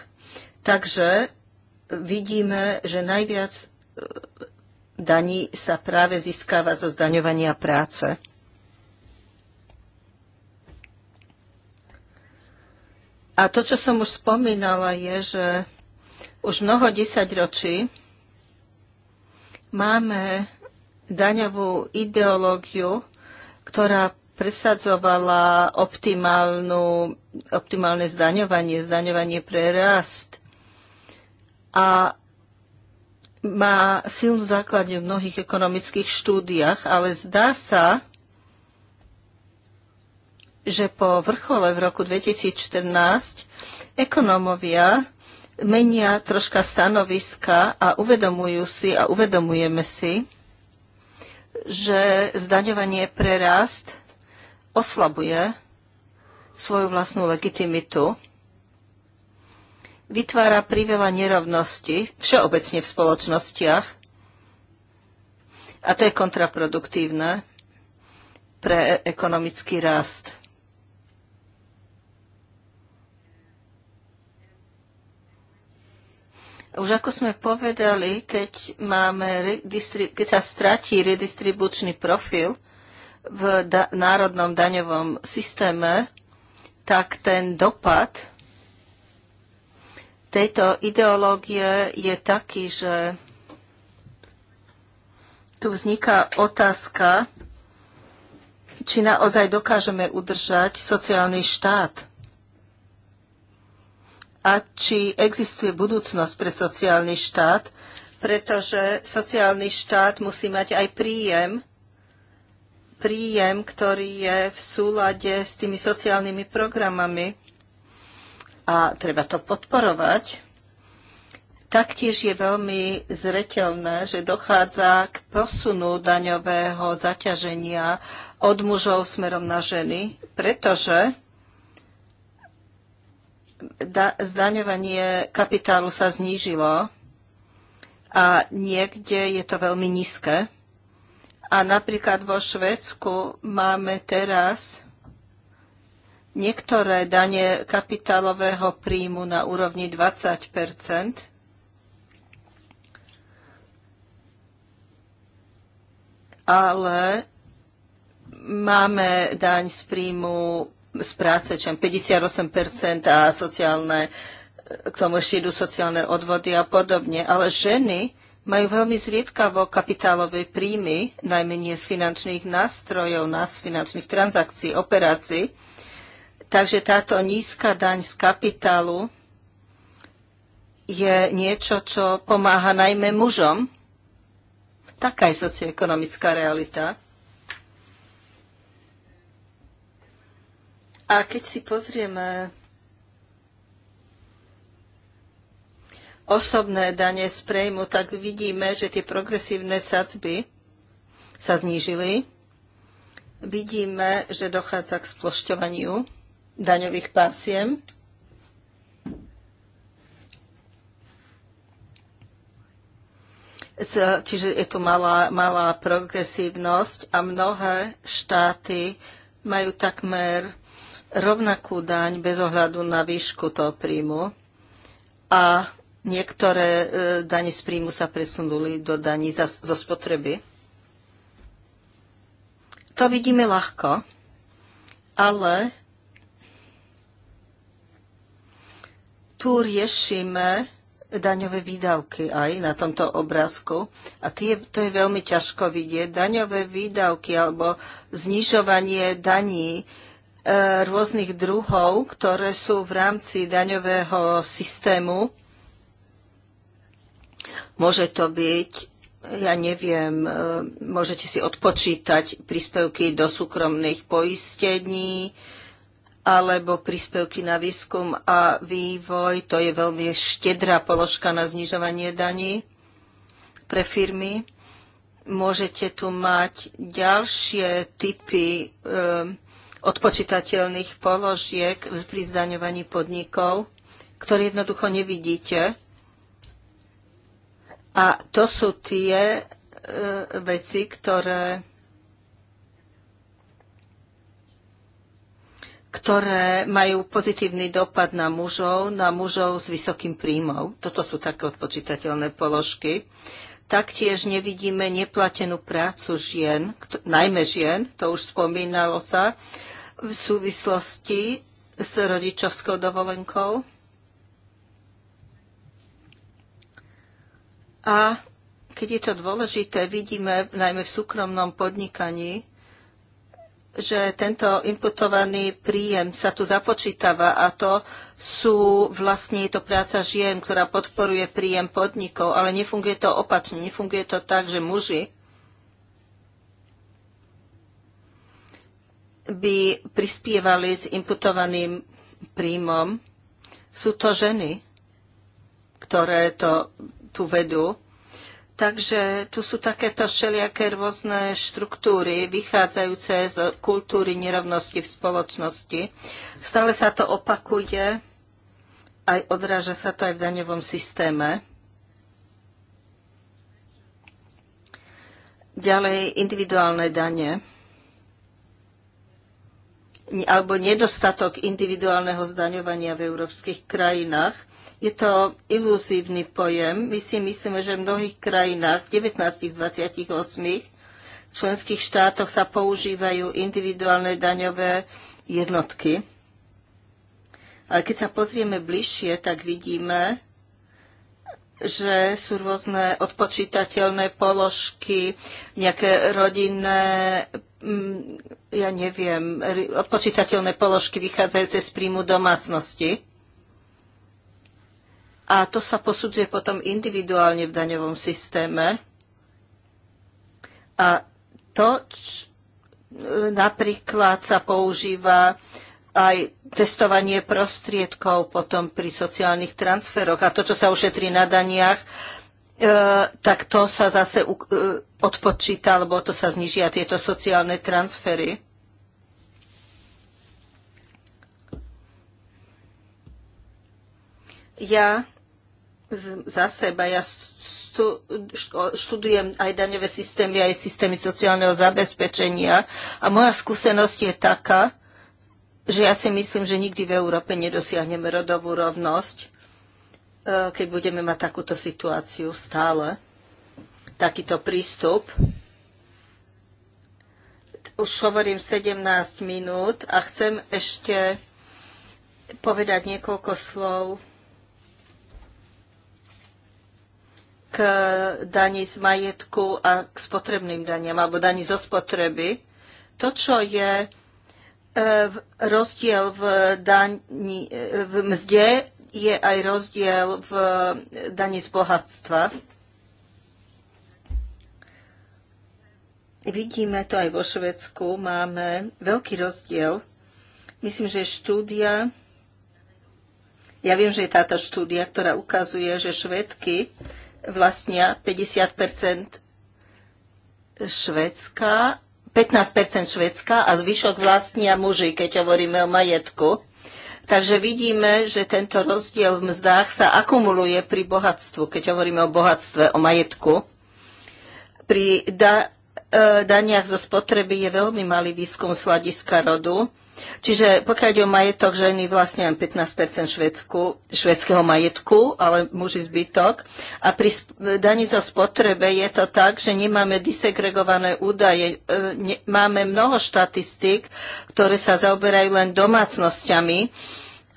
Takže vidíme, že najviac e, daní sa práve získava zo zdaňovania práce. A to, čo som už spomínala, je, že už mnoho desaťročí ročí Máme daňovú ideológiu, ktorá presadzovala optimálnu, optimálne zdaňovanie, zdaňovanie pre rast a má silnú základňu v mnohých ekonomických štúdiách, ale zdá sa, že po vrchole v roku 2014 ekonómovia menia troška stanoviska a uvedomujú si a uvedomujeme si, že zdaňovanie pre rast oslabuje svoju vlastnú legitimitu, vytvára priveľa nerovnosti všeobecne v spoločnostiach a to je kontraproduktívne pre ekonomický rast. Už ako sme povedali, keď, máme, keď sa stratí redistribučný profil v da- národnom daňovom systéme, tak ten dopad tejto ideológie je taký, že tu vzniká otázka, či naozaj dokážeme udržať sociálny štát a či existuje budúcnosť pre sociálny štát, pretože sociálny štát musí mať aj príjem, príjem, ktorý je v súlade s tými sociálnymi programami a treba to podporovať. Taktiež je veľmi zreteľné, že dochádza k posunu daňového zaťaženia od mužov smerom na ženy, pretože zdaňovanie kapitálu sa znížilo a niekde je to veľmi nízke. A napríklad vo Švedsku máme teraz niektoré dane kapitálového príjmu na úrovni 20 ale máme daň z príjmu z práce, čo 58% a sociálne, k tomu ešte idú sociálne odvody a podobne. Ale ženy majú veľmi zriedkavo kapitálové príjmy, najmä nie z finančných nástrojov, nás finančných transakcií, operácií. Takže táto nízka daň z kapitálu je niečo, čo pomáha najmä mužom. Taká je socioekonomická realita. A keď si pozrieme osobné dane z prejmu, tak vidíme, že tie progresívne sadzby sa znížili. Vidíme, že dochádza k splošťovaniu daňových pásiem. čiže je tu malá, malá progresívnosť a mnohé štáty majú takmer rovnakú daň bez ohľadu na výšku toho príjmu a niektoré e, dani z príjmu sa presunuli do daní zo spotreby. To vidíme ľahko, ale tu riešime daňové výdavky aj na tomto obrázku. A tie, to je veľmi ťažko vidieť. Daňové výdavky alebo znižovanie daní rôznych druhov, ktoré sú v rámci daňového systému. Môže to byť, ja neviem, e, môžete si odpočítať príspevky do súkromných poistení alebo príspevky na výskum a vývoj. To je veľmi štedrá položka na znižovanie daní pre firmy môžete tu mať ďalšie typy e, odpočítateľných položiek v zdaňovaní podnikov, ktoré jednoducho nevidíte. A to sú tie e, veci, ktoré, ktoré majú pozitívny dopad na mužov, na mužov s vysokým príjmom. Toto sú také odpočítateľné položky. Taktiež nevidíme neplatenú prácu žien, najmä žien, to už spomínalo sa, v súvislosti s rodičovskou dovolenkou. A keď je to dôležité, vidíme najmä v súkromnom podnikaní, že tento imputovaný príjem sa tu započítava a to sú vlastne je to práca žien, ktorá podporuje príjem podnikov, ale nefunguje to opačne, nefunguje to tak, že muži by prispievali s imputovaným príjmom, sú to ženy, ktoré to tu vedú. Takže tu sú takéto všelijaké rôzne štruktúry vychádzajúce z kultúry nerovnosti v spoločnosti. Stále sa to opakuje, aj odráža sa to aj v daňovom systéme. Ďalej individuálne dane alebo nedostatok individuálneho zdaňovania v európskych krajinách. Je to ilúzívny pojem. My si myslíme, že v mnohých krajinách, 19 z 28 členských štátoch sa používajú individuálne daňové jednotky. Ale keď sa pozrieme bližšie, tak vidíme, že sú rôzne odpočítateľné položky, nejaké rodinné, mm, ja neviem, odpočítateľné položky vychádzajúce z príjmu domácnosti. A to sa posudzuje potom individuálne v daňovom systéme. A to napríklad sa používa aj testovanie prostriedkov potom pri sociálnych transferoch a to, čo sa ušetrí na daniach, e, tak to sa zase e, odpočíta, lebo to sa znižia tieto sociálne transfery. Ja za seba, ja študujem aj daňové systémy, aj systémy sociálneho zabezpečenia a moja skúsenosť je taká, že ja si myslím, že nikdy v Európe nedosiahneme rodovú rovnosť, e, keď budeme mať takúto situáciu stále, takýto prístup. Už hovorím 17 minút a chcem ešte povedať niekoľko slov k daní z majetku a k spotrebným daniam alebo daní zo spotreby. To, čo je E, rozdiel v, daň, e, v mzde je aj rozdiel v dani z bohatstva. Vidíme to aj vo Švedsku, máme veľký rozdiel. Myslím, že štúdia, ja viem, že je táto štúdia, ktorá ukazuje, že Švedky vlastnia 50 Švedska 15 Švedska a zvyšok vlastnia muži, keď hovoríme o majetku. Takže vidíme, že tento rozdiel v mzdách sa akumuluje pri bohatstvu, keď hovoríme o bohatstve, o majetku. Pri da- E, daniach zo spotreby je veľmi malý výskum z hľadiska rodu. Čiže pokiaľ ide o majetok ženy, vlastne len 15 švedsku, švedského majetku, ale muži zbytok. A pri daní zo spotrebe je to tak, že nemáme disegregované údaje. E, máme mnoho štatistík, ktoré sa zaoberajú len domácnosťami,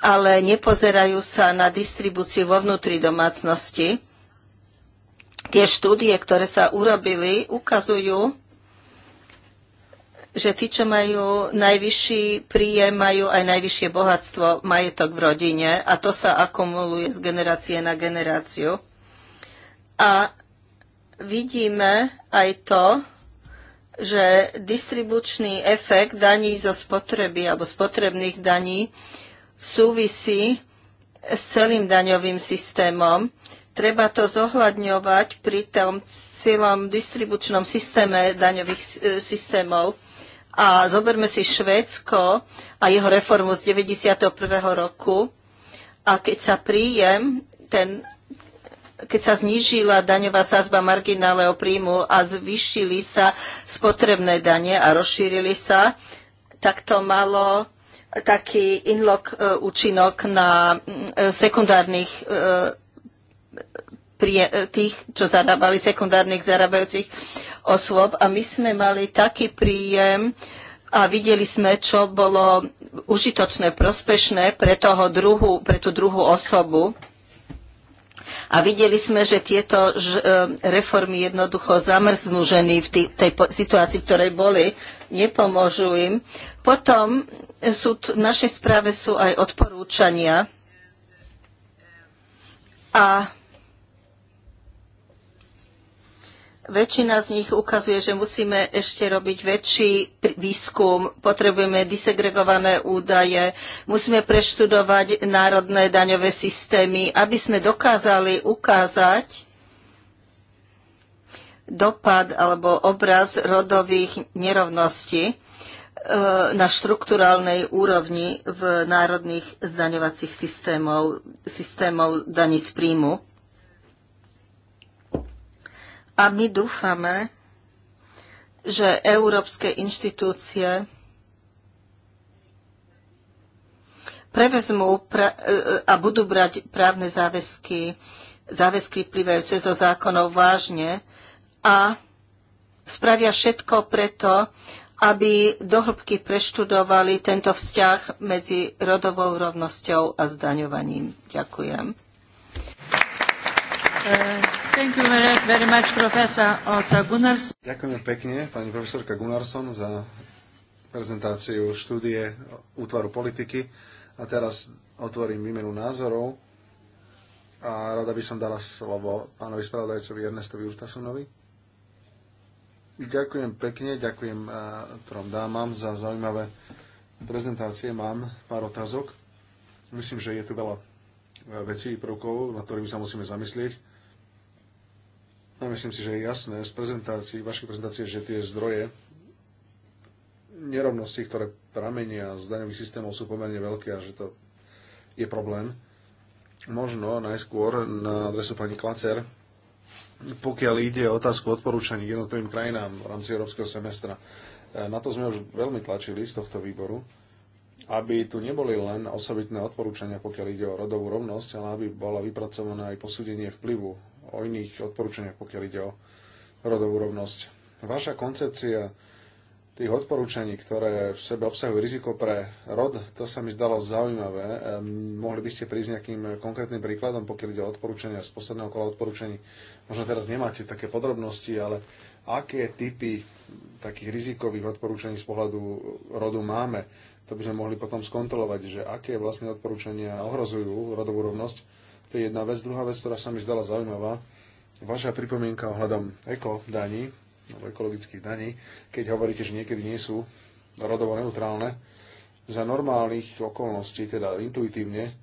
ale nepozerajú sa na distribúciu vo vnútri domácnosti. Tie štúdie, ktoré sa urobili, ukazujú, že tí, čo majú najvyšší príjem, majú aj najvyššie bohatstvo, majetok v rodine a to sa akumuluje z generácie na generáciu. A vidíme aj to, že distribučný efekt daní zo spotreby alebo spotrebných daní súvisí s celým daňovým systémom Treba to zohľadňovať pri tom celom distribučnom systéme daňových e, systémov. A zoberme si Švédsko a jeho reformu z 91. roku. A keď sa príjem, ten, keď sa znížila daňová sázba marginálneho príjmu a zvyšili sa spotrebné dane a rozšírili sa, tak to malo taký inlok e, účinok na mm, e, sekundárnych prie, e, tých, čo zarábali, sekundárnych zarábajúcich osôb. A my sme mali taký príjem a videli sme, čo bolo užitočné, prospešné pre, toho druhu, pre tú druhú osobu. A videli sme, že tieto e, reformy jednoducho zamrznú ženy v tý, tej situácii, v ktorej boli, nepomôžu im. Potom sú v našej správe sú aj odporúčania. A Väčšina z nich ukazuje, že musíme ešte robiť väčší výskum, potrebujeme disegregované údaje, musíme preštudovať národné daňové systémy, aby sme dokázali ukázať dopad alebo obraz rodových nerovností e, na štruktúrálnej úrovni v národných zdaňovacích systémov, systémov daní z príjmu. A my dúfame, že európske inštitúcie prevezmú a budú brať právne záväzky, záväzky plývajúce zo zákonov vážne a spravia všetko preto, aby dohlbky preštudovali tento vzťah medzi rodovou rovnosťou a zdaňovaním. Ďakujem. Uh, ďakujem pekne, pani profesorka Gunnarsson, za prezentáciu štúdie útvaru politiky. A teraz otvorím výmenu názorov a rada by som dala slovo pánovi spravodajcovi Ernestovi Urtasunovi. Ďakujem pekne, ďakujem eh, trom dámam za zaujímavé prezentácie. Mám pár otázok. Myslím, že je tu veľa eh, vecí, prvkov, na ktorých sa musíme zamyslieť a myslím si, že je jasné z prezentácií, vašej prezentácie, že tie zdroje nerovnosti, ktoré pramenia z daňových systémov sú pomerne veľké a že to je problém. Možno najskôr na adresu pani Klacer, pokiaľ ide o otázku odporúčaní jednotlivým krajinám v rámci európskeho semestra. E, na to sme už veľmi tlačili z tohto výboru, aby tu neboli len osobitné odporúčania, pokiaľ ide o rodovú rovnosť, ale aby bola vypracovaná aj posúdenie vplyvu o iných odporúčaniach, pokiaľ ide o rodovú rovnosť. Vaša koncepcia tých odporúčaní, ktoré v sebe obsahujú riziko pre rod, to sa mi zdalo zaujímavé. Ehm, mohli by ste prísť nejakým konkrétnym príkladom, pokiaľ ide o odporúčania z posledného kola odporúčaní. Možno teraz nemáte také podrobnosti, ale aké typy takých rizikových odporúčaní z pohľadu rodu máme, to by sme mohli potom skontrolovať, že aké vlastne odporúčania ohrozujú rodovú rovnosť to je jedna vec. Druhá vec, ktorá sa mi zdala zaujímavá, vaša pripomienka ohľadom eko daní, alebo ekologických daní, keď hovoríte, že niekedy nie sú rodovo neutrálne, za normálnych okolností, teda intuitívne,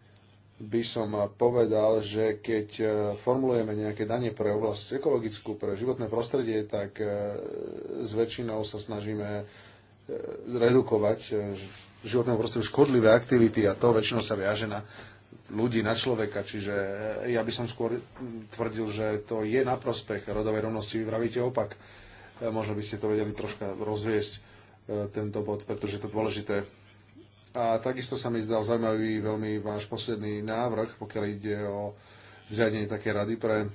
by som povedal, že keď e, formulujeme nejaké danie pre oblasť ekologickú, pre životné prostredie, tak e, s väčšinou sa snažíme e, zredukovať životnému prostrediu škodlivé aktivity a to väčšinou sa viaže na ľudí na človeka, čiže e, ja by som skôr tvrdil, že to je na prospech rodovej rovnosti, vy vravíte opak. E, možno by ste to vedeli troška rozviesť, e, tento bod, pretože je to dôležité. A takisto sa mi zdal zaujímavý veľmi váš posledný návrh, pokiaľ ide o zriadenie také rady pre,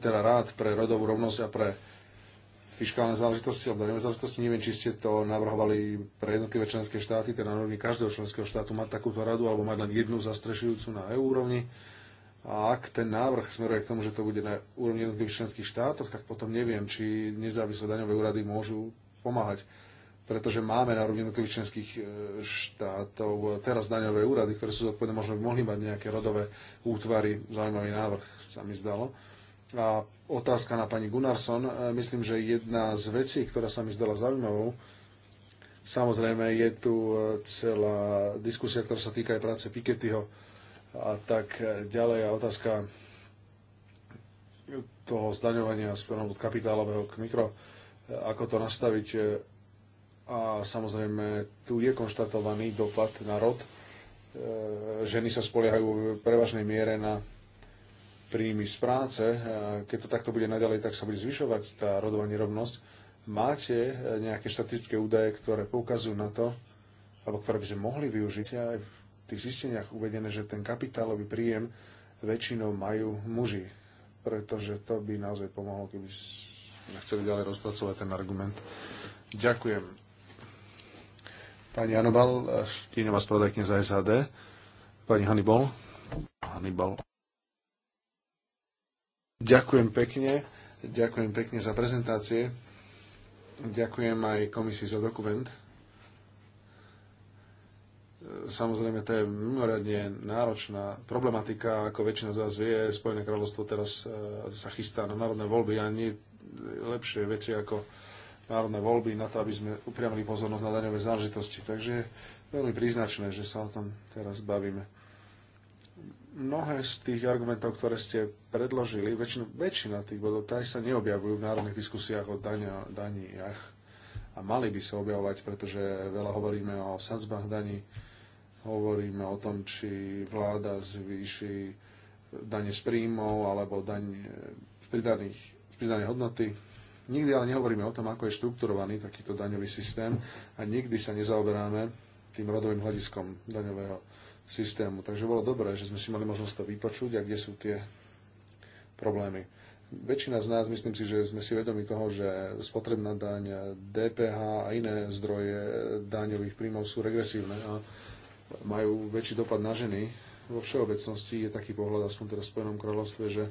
teda rád pre rodovú rovnosť a pre fiskálne záležitosti alebo daňové záležitosti. Neviem, či ste to navrhovali pre jednotlivé členské štáty, teda na úrovni každého členského štátu mať takúto radu alebo mať len jednu zastrešujúcu na EU úrovni. A ak ten návrh smeruje k tomu, že to bude na úrovni jednotlivých členských štátov, tak potom neviem, či nezávislé daňové úrady môžu pomáhať. Pretože máme na úrovni jednotlivých členských e, štátov teraz daňové úrady, ktoré sú zodpovedné, možno by mohli mať nejaké rodové útvary. Zaujímavý návrh sa mi zdalo a otázka na pani Gunnarsson. E, myslím, že jedna z vecí, ktorá sa mi zdala zaujímavou, samozrejme je tu e, celá diskusia, ktorá sa týka aj práce Pikettyho a tak ďalej. A otázka toho zdaňovania smerom od kapitálového k mikro, e, ako to nastaviť. A samozrejme, tu je konštatovaný dopad na rod. Ženy sa spoliehajú v prevažnej miere na príjmy z práce, keď to takto bude naďalej, tak sa bude zvyšovať tá rodová nerovnosť. Máte e, nejaké štatistické údaje, ktoré poukazujú na to, alebo ktoré by sme mohli využiť aj v tých zisteniach uvedené, že ten kapitálový príjem väčšinou majú muži, pretože to by naozaj pomohlo, keby sme chceli ďalej rozpracovať ten argument. Ďakujem. Pani Anobal, e, štínová spravodajkňa za SAD. Pani Hannibal. Hannibal. Ďakujem pekne. Ďakujem pekne za prezentácie. Ďakujem aj komisii za dokument. Samozrejme, to je mimoriadne náročná problematika. Ako väčšina z vás vie, Spojené kráľovstvo teraz e, sa chystá na národné voľby a nie lepšie veci ako národné voľby na to, aby sme upriamili pozornosť na daňové záležitosti. Takže veľmi príznačné, že sa o tom teraz bavíme mnohé z tých argumentov, ktoré ste predložili, väčšina, väčšina tých bodov, taj sa neobjavujú v národných diskusiách o dania, daniach a mali by sa objavovať, pretože veľa hovoríme o sadzbách daní, hovoríme o tom, či vláda zvýši dane z príjmov alebo daň pridaných, pridanej hodnoty. Nikdy ale nehovoríme o tom, ako je štrukturovaný takýto daňový systém a nikdy sa nezaoberáme tým rodovým hľadiskom daňového systému. Takže bolo dobré, že sme si mali možnosť to vypočuť a kde sú tie problémy. Väčšina z nás, myslím si, že sme si vedomi toho, že spotrebná daň, DPH a iné zdroje daňových príjmov sú regresívne a majú väčší dopad na ženy. Vo všeobecnosti je taký pohľad, aspoň teda v Spojenom kráľovstve, že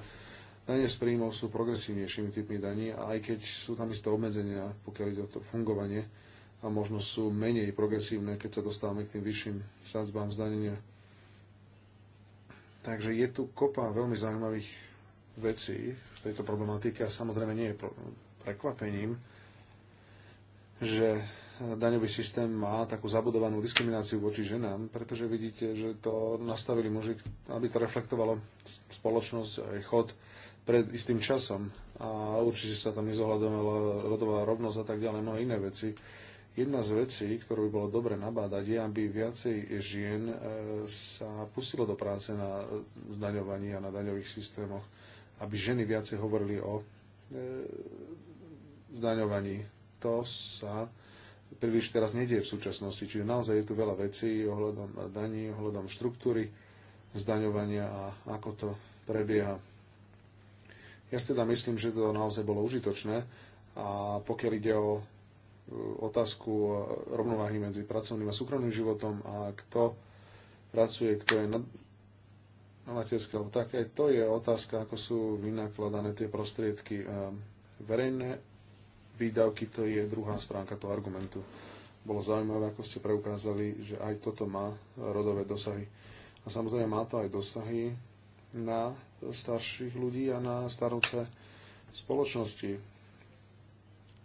dane z príjmov sú progresívnejšími typmi daní, a aj keď sú tam isté obmedzenia, pokiaľ ide o to fungovanie a možno sú menej progresívne, keď sa dostávame k tým vyšším sadzbám zdanenia. Takže je tu kopa veľmi zaujímavých vecí v tejto problematike a samozrejme nie je prekvapením, že daňový systém má takú zabudovanú diskrimináciu voči ženám, pretože vidíte, že to nastavili muži, aby to reflektovalo spoločnosť aj chod pred istým časom a určite sa tam nezohľadovala rodová rovnosť a tak ďalej, mnohé iné veci. Jedna z vecí, ktorú by bolo dobre nabádať, je, aby viacej žien e, sa pustilo do práce na zdaňovaní a na daňových systémoch, aby ženy viacej hovorili o e, zdaňovaní. To sa príliš teraz nedie v súčasnosti, čiže naozaj je tu veľa vecí ohľadom daní, ohľadom štruktúry zdaňovania a ako to prebieha. Ja si teda myslím, že to naozaj bolo užitočné a pokiaľ ide o otázku rovnováhy medzi pracovným a súkromným životom a kto pracuje, kto je na, na materské, alebo tak aj to je otázka, ako sú vynakladané tie prostriedky. Verejné výdavky, to je druhá stránka toho argumentu. Bolo zaujímavé, ako ste preukázali, že aj toto má rodové dosahy. A samozrejme má to aj dosahy na starších ľudí a na starúce spoločnosti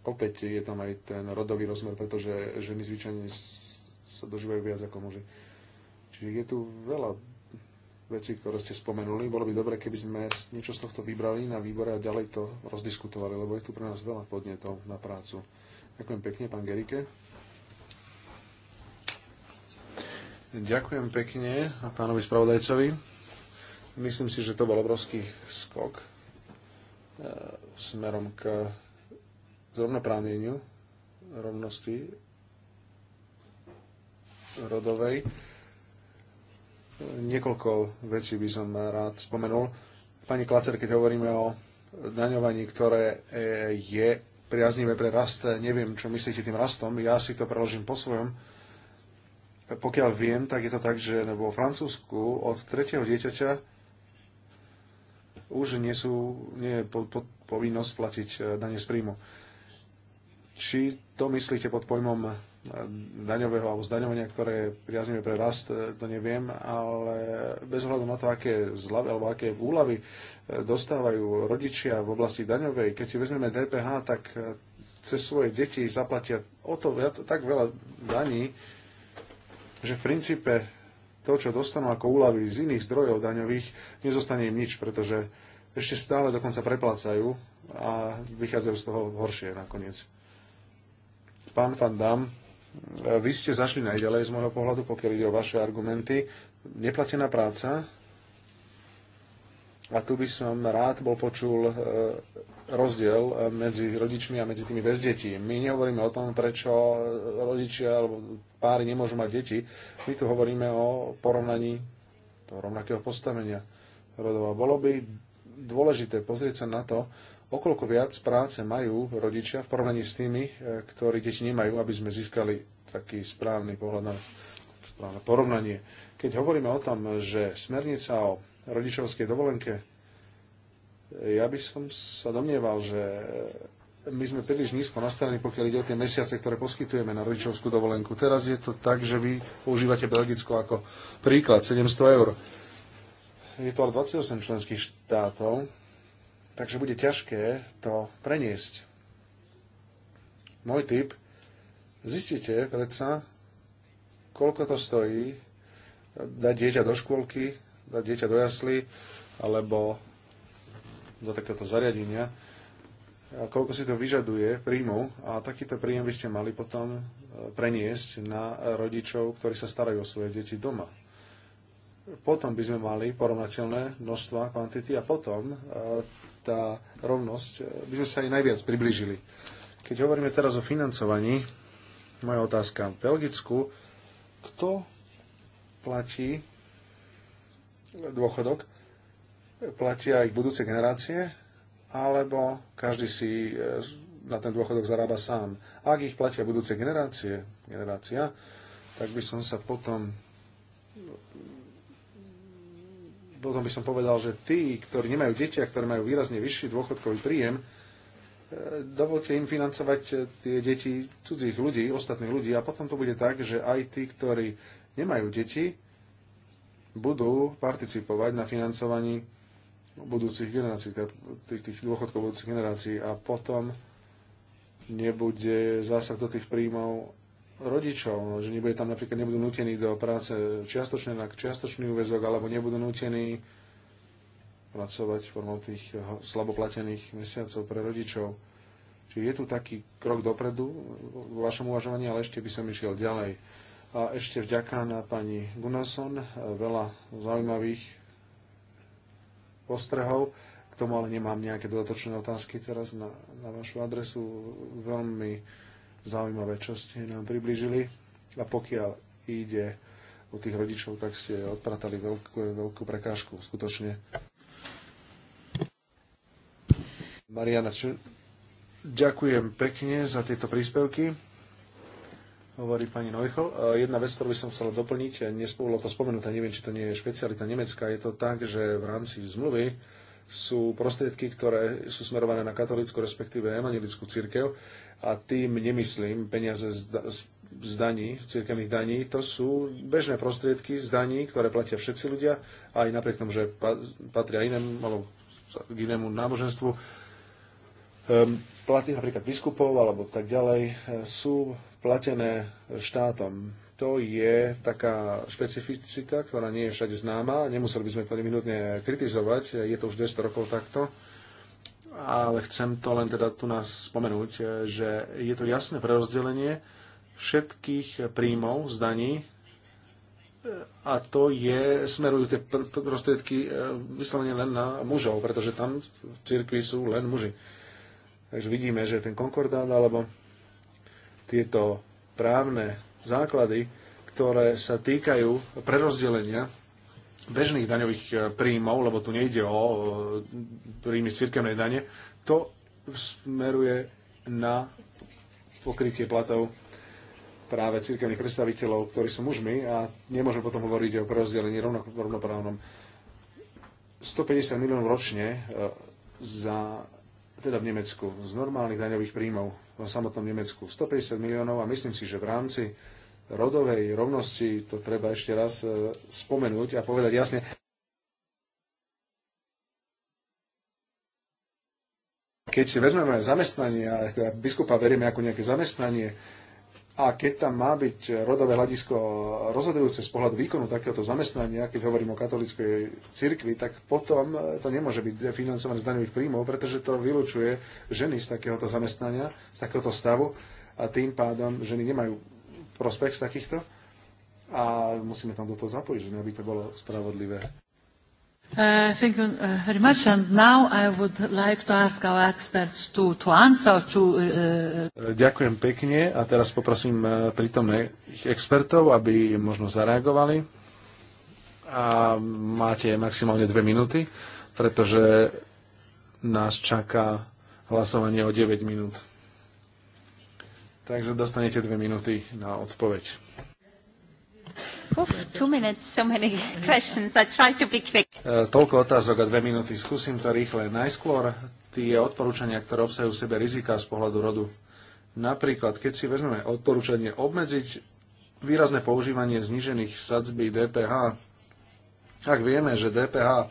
opäť je tam aj ten rodový rozmer, pretože ženy zvyčajne sa dožívajú viac ako muži. Čiže je tu veľa vecí, ktoré ste spomenuli. Bolo by dobre, keby sme niečo z tohto vybrali na výbore a ďalej to rozdiskutovali, lebo je tu pre nás veľa podnetov na prácu. Ďakujem pekne, pán Gerike. Ďakujem pekne a pánovi spravodajcovi. Myslím si, že to bol obrovský skok e, smerom k zrovnoprávneniu rovnosti rodovej. Niekoľko vecí by som rád spomenul. Pani Klacer, keď hovoríme o daňovaní, ktoré e, je priaznivé pre rast, neviem, čo myslíte tým rastom, ja si to preložím po svojom. Pokiaľ viem, tak je to tak, že vo Francúzsku od tretieho dieťaťa už nie, sú, nie je po, po, povinnosť platiť e, dane z príjmu či to myslíte pod pojmom eh, daňového alebo zdaňovania, ktoré priaznime pre rast, eh, to neviem, ale bez ohľadu na to, aké zľavy alebo aké úlavy eh, dostávajú rodičia v oblasti daňovej, keď si vezmeme DPH, tak cez svoje deti zaplatia o to viac, tak veľa daní, že v princípe to, čo dostanú ako úlavy z iných zdrojov daňových, nezostane im nič, pretože ešte stále dokonca preplácajú a vychádzajú z toho horšie nakoniec. Pán Van Dam, e, vy ste zašli najďalej z môjho pohľadu, pokiaľ ide o vaše argumenty. Neplatená práca. A tu by som rád bol počul e, rozdiel e, medzi rodičmi a medzi tými bez detí. My nehovoríme o tom, prečo rodičia alebo páry nemôžu mať deti. My tu hovoríme o porovnaní toho rovnakého postavenia rodova. Bolo by dôležité pozrieť sa na to, Okolko viac práce majú rodičia v porovnaní s tými, e, ktorí deti nemajú, aby sme získali taký správny pohľad na správne porovnanie. Keď hovoríme o tom, že smernica o rodičovskej dovolenke, e, ja by som sa domnieval, že e, my sme príliš nízko nastavení, pokiaľ ide o tie mesiace, ktoré poskytujeme na rodičovskú dovolenku. Teraz je to tak, že vy používate Belgicko ako príklad, 700 eur. Je to ale 28 členských štátov, takže bude ťažké to preniesť. Môj tip, zistite predsa, koľko to stojí dať dieťa do škôlky, dať dieťa do jasly, alebo do takéhoto zariadenia, a koľko si to vyžaduje príjmu a takýto príjem by ste mali potom e, preniesť na rodičov, ktorí sa starajú o svoje deti doma potom by sme mali porovnateľné množstva, kvantity a potom e, tá rovnosť, eh, by sme sa aj najviac priblížili. Keď hovoríme teraz o financovaní, moja otázka v Belgicku, kto platí dôchodok? Platia ich budúce generácie? Alebo každý si eh, na ten dôchodok zarába sám? Ak ich platia budúce generácie, generácia, tak by som sa potom potom by som povedal, že tí, ktorí nemajú deti a ktorí majú výrazne vyšší dôchodkový príjem, e, dovolte im financovať e, tie deti cudzích ľudí, ostatných ľudí a potom to bude tak, že aj tí, ktorí nemajú deti, budú participovať na financovaní budúcich generácií, tých, tých dôchodkov budúcich generácií a potom nebude zásah do tých príjmov rodičov, že nebude tam napríklad nebudú nutení do práce čiastočne na čiastočný úvezok, alebo nebudú nutení pracovať formou tých eh, slaboplatených mesiacov pre rodičov. Čiže je tu taký krok dopredu vo vašom uvažovaní, ale ešte by som išiel ďalej. A ešte vďaka na pani Gunason, eh, veľa zaujímavých postrehov. K tomu ale nemám nejaké dodatočné otázky teraz na, na vašu adresu. Veľmi zaujímavé, čo ste nám približili. A pokiaľ ide o tých rodičov, tak ste odpratali veľkú, veľkú prekážku, skutočne. Mariana, čo... ďakujem pekne za tieto príspevky, hovorí pani Neuchel. Jedna vec, ktorú by som chcela doplniť, nespolo to spomenuté, neviem, či to nie je špecialita Nemecka, je to tak, že v rámci zmluvy sú prostriedky, ktoré sú smerované na katolícku, respektíve evangelickú církev a tým nemyslím peniaze z, z daní, církevných daní. To sú bežné prostriedky z daní, ktoré platia všetci ľudia, aj napriek tomu, že patria inému, alebo k inému náboženstvu. Um, platy napríklad biskupov alebo tak ďalej e, sú platené štátom to je taká špecificita, ktorá nie je všade známa. Nemuseli by sme to minútne kritizovať, je to už 200 rokov takto. Ale chcem to len teda tu nás spomenúť, že je to jasné prerozdelenie všetkých príjmov z daní a to je, smerujú tie prostriedky e, vyslovene len na mužov, pretože tam v cirkvi sú len muži. Takže vidíme, že ten konkordát alebo tieto právne základy, ktoré sa týkajú prerozdelenia bežných daňových e, príjmov, lebo tu nejde o e, príjmy cirkevnej dane, to smeruje na pokrytie platov práve cirkevných predstaviteľov, ktorí sú mužmi a nemôžeme potom hovoriť o prerozdelení rovnoprávnom. 150 miliónov ročne e, za, teda v Nemecku z normálnych daňových príjmov v samotnom Nemecku. 150 miliónov a myslím si, že v rámci rodovej rovnosti to treba ešte raz e, spomenúť a povedať jasne. Keď si vezmeme zamestnanie, a teda biskupa verieme ako nejaké zamestnanie, a keď tam má byť rodové hľadisko rozhodujúce z pohľadu výkonu takéhoto zamestnania, keď hovorím o katolíckej cirkvi, tak potom e, to nemôže byť financované z daňových príjmov, pretože to vylučuje ženy z takéhoto zamestnania, z takéhoto stavu a tým pádom ženy nemajú prospech z takýchto a musíme tam do toho zapojiť, že aby to bolo spravodlivé. Uh, thank you uh, very much. And now I would like to ask our experts to, to answer to... Uh... uh Ďakujem pekne a teraz poprosím uh, prítomných expertov, aby možno zareagovali. A máte maximálne dve minúty, pretože nás čaká hlasovanie o 9 minút. Takže dostanete dve minúty na odpoveď. E, toľko otázok a dve minúty. Skúsim to rýchle. Najskôr tie odporúčania, ktoré obsahujú v sebe rizika z pohľadu rodu. Napríklad, keď si vezmeme odporúčanie obmedziť výrazné používanie znižených sadzby DPH, ak vieme, že DPH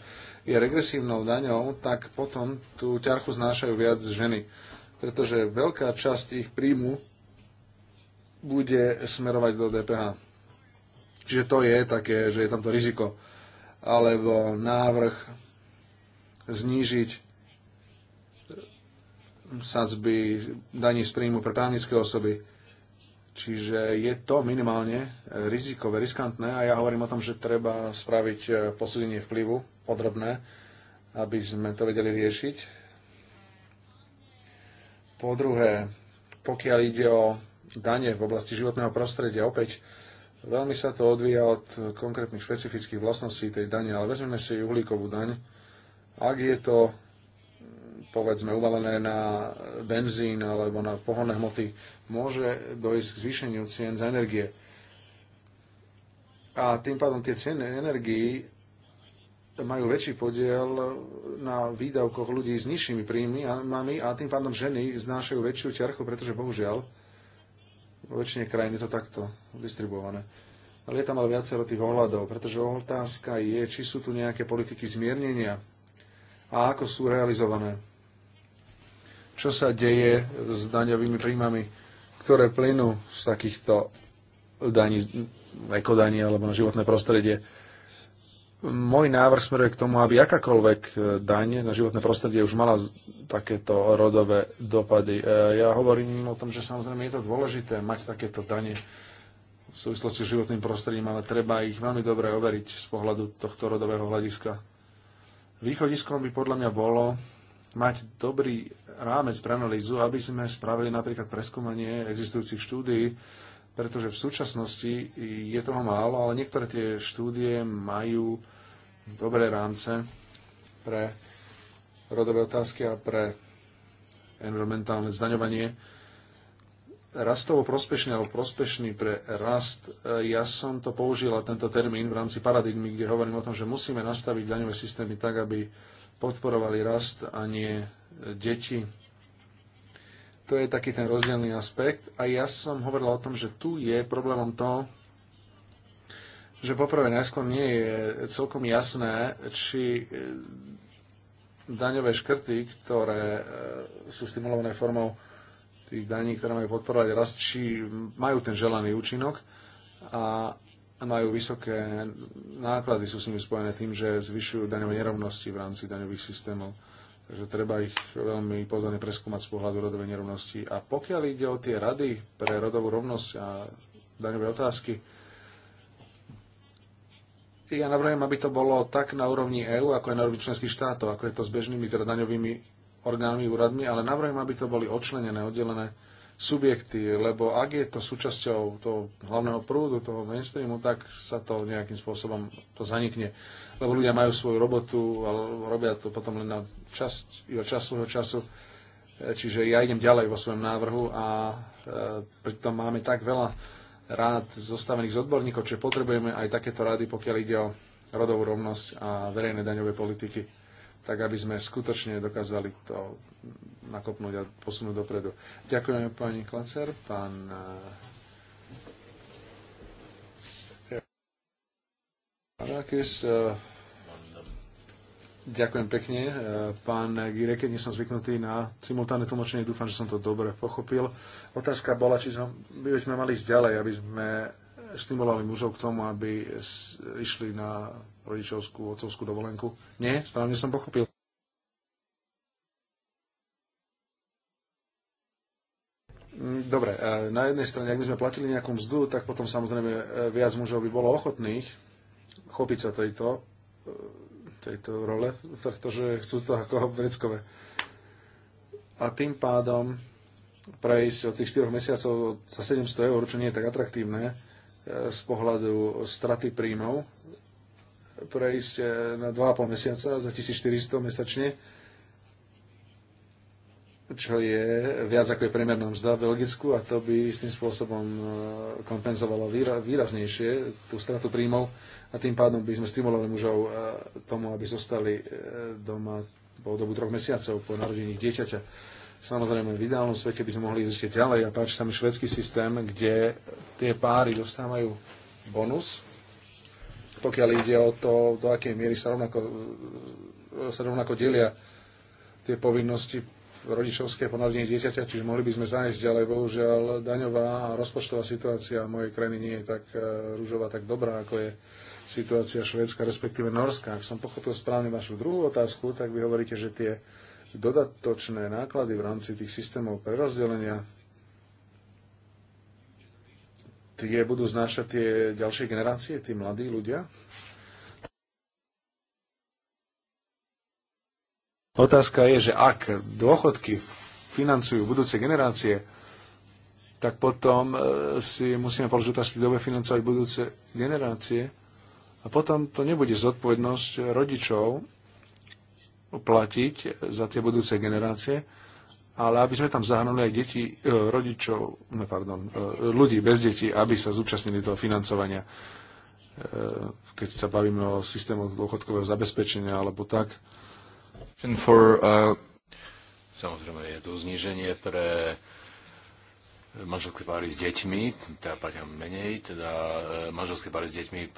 je regresívnou daňou, tak potom tú ťarchu znášajú viac ženy, pretože veľká časť ich príjmu bude smerovať do DPH Čiže to je také, že je tam to riziko. Alebo návrh znížiť sadzby daní z príjmu pre právnické osoby. Čiže je to minimálne rizikové, riskantné a ja hovorím o tom, že treba spraviť e, posúdenie vplyvu podrobné, aby sme to vedeli riešiť. Po druhé, pokiaľ ide o dane v oblasti životného prostredia, opäť Veľmi sa to odvíja od konkrétnych špecifických vlastností tej dane, ale vezmeme si uhlíkovú daň. Ak je to povedzme uvalené na benzín alebo na pohonné hmoty, môže dojsť k zvýšeniu cien za energie. A tým pádom tie ceny energii majú väčší podiel na výdavkoch ľudí s nižšími príjmami a tým pádom ženy znášajú väčšiu ťarchu, pretože bohužiaľ väčšine krajín je to takto distribuované. Ale je tam ale viacero tých ohľadov, pretože otázka je, či sú tu nejaké politiky zmiernenia a ako sú realizované. Čo sa deje s daňovými príjmami, ktoré plynú z takýchto daní, ekodaní alebo na životné prostredie. Môj návrh smeruje k tomu, aby akákoľvek e, daň na životné prostredie už mala takéto rodové dopady. E, ja hovorím o tom, že samozrejme je to dôležité mať takéto dane v súvislosti s životným prostredím, ale treba ich veľmi dobre overiť z pohľadu tohto rodového hľadiska. Východiskom by podľa mňa bolo mať dobrý rámec pre analýzu, aby sme spravili napríklad preskúmanie existujúcich štúdií, pretože v súčasnosti je toho málo, ale niektoré tie štúdie majú dobré rámce pre rodové otázky a pre environmentálne zdaňovanie. Rastovo prospešný alebo prospešný pre rast, ja som to použila tento termín v rámci paradigmy, kde hovorím o tom, že musíme nastaviť daňové systémy tak, aby podporovali rast a nie deti to je taký ten rozdielný aspekt. A ja som hovoril o tom, že tu je problémom to, že poprvé najskôr nie je celkom jasné, či eh, daňové škrty, ktoré eh, sú stimulované formou tých daní, ktoré majú podporovať rast, či majú ten želaný účinok a majú vysoké náklady, sú s nimi spojené tým, že zvyšujú daňové nerovnosti v rámci daňových systémov. Takže treba ich veľmi pozorne preskúmať z pohľadu rodovej nerovnosti. A pokiaľ ide o tie rady pre rodovú rovnosť a daňové otázky, ja navrhujem, aby to bolo tak na úrovni EÚ, ako aj na úrovni členských štátov, ako je to s bežnými teda daňovými orgánmi, úradmi, ale navrhujem, aby to boli odčlenené, oddelené subjekty, lebo ak je to súčasťou toho hlavného prúdu, toho mainstreamu, tak sa to nejakým spôsobom to zanikne. Lebo ľudia majú svoju robotu a robia to potom len na časť, iba čas svojho času. E, čiže ja idem ďalej vo svojom návrhu a e, pritom máme tak veľa rád zostavených z odborníkov, že potrebujeme aj takéto rady, pokiaľ ide o rodovú rovnosť a verejné daňové politiky tak aby sme skutočne dokázali to nakopnúť a posunúť dopredu. Ďakujem pani Klacer, pán eh, Rakis. Eh, ďakujem pekne. Eh, pán Gireke, nie som zvyknutý na simultánne tlmočenie, dúfam, že som to dobre pochopil. Otázka bola, či by sme mali ísť ďalej, aby sme stimulovali mužov k tomu, aby išli na rodičovskú, otcovskú dovolenku. Nie? Správne som pochopil. Mm, dobre, e, na jednej strane, ak by sme platili nejakú mzdu, tak potom samozrejme e, viac mužov by bolo ochotných chopiť sa tejto, e, tejto role, pretože chcú to ako vreckové. A tým pádom prejsť od tých 4 mesiacov za 700 eur, čo nie je tak atraktívne z pohľadu straty príjmov prejsť eh, na 2,5 mesiaca za 1400 mesačne, čo je viac ako je priemerná mzda v Belgicku a to by istým spôsobom eh, kompenzovalo výraznejšie tú stratu príjmov a tým pádom by sme stimulovali mužov eh, tomu, aby zostali doma po dobu troch mesiacov po narodení dieťaťa. Samozrejme, v ideálnom svete by sme mohli ísť ešte ďalej a páči sa mi švedský systém, kde tie páry dostávajú bonus pokiaľ ide o to, do akej miery sa rovnako, sa rovnako delia tie povinnosti rodičovské po dieťaťa, čiže mohli by sme zájsť, ale bohužiaľ daňová a rozpočtová situácia mojej krajiny nie je tak e, rúžová, tak dobrá, ako je situácia Švédska, respektíve Norska. Ak som pochopil správne vašu druhú otázku, tak vy hovoríte, že tie dodatočné náklady v rámci tých systémov prerozdelenia tie budú znášať tie ďalšie generácie, tí mladí ľudia? Otázka je, že ak dôchodky financujú budúce generácie, tak potom e, si musíme položiť otázku, kto bude financovať budúce generácie. A potom to nebude zodpovednosť rodičov platiť za tie budúce generácie, ale aby sme tam zahrnuli aj deti, e, rodičov, no pardon, e, ľudí bez detí, aby sa zúčastnili toho financovania. E, keď sa bavíme o systému dôchodkového zabezpečenia alebo tak. For, uh... Samozrejme je tu zníženie pre manželské páry s deťmi, teda platia menej, teda manželské páry s deťmi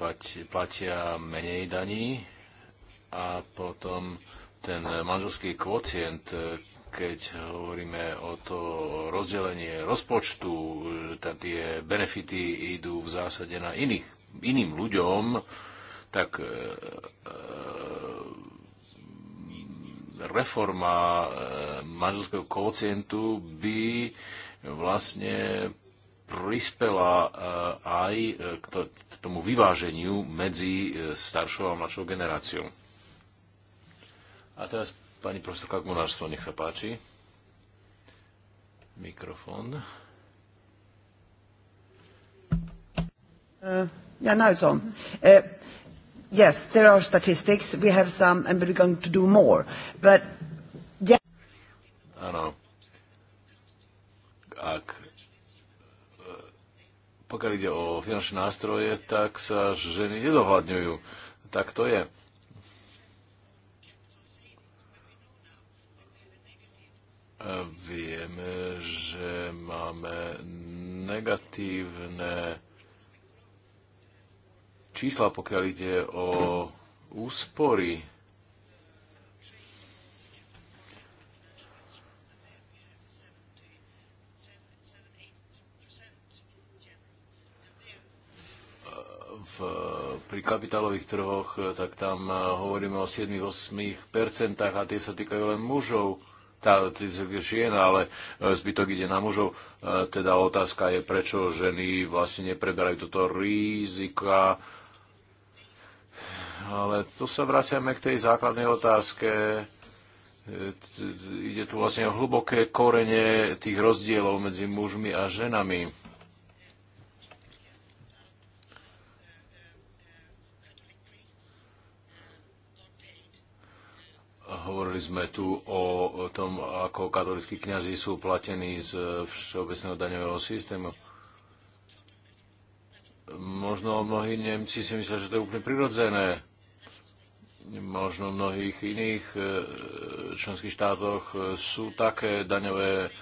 platia menej daní a potom ten manželský kvocient, keď hovoríme o to rozdelenie rozpočtu, e, tie benefity idú v zásade na iných, iným ľuďom, tak e, e, reforma manželského kocientu by vlastne prispela aj k tomu vyváženiu medzi staršou a mladšou generáciou. A teraz Pani profesorka Gunárstvo, nech sa páči. Mikrofón. Uh, yeah, now it's on. Uh, yes, there are statistics. We have some, and we're going to do more. But yeah. Áno. Ak uh, pokiaľ ide o finančné nástroje, tak sa ženy nezohľadňujú. Tak to je. vieme, že máme negatívne čísla, pokiaľ ide o úspory. V, pri kapitálových trhoch, tak tam hovoríme o 7-8% a tie sa týkajú len mužov tá, žien, ale e, zbytok ide na mužov. E, teda otázka je, prečo ženy vlastne nepreberajú toto rizika. Ale tu sa vraciame k tej základnej otázke. E, ide tu vlastne o hlboké korene tých rozdielov medzi mužmi a ženami. hovorili sme tu o tom, ako katolickí kňazi sú platení z všeobecného daňového systému. Možno mnohí Nemci si myslia, že to je úplne prirodzené. Možno v mnohých iných e, členských štátoch e, sú také daňové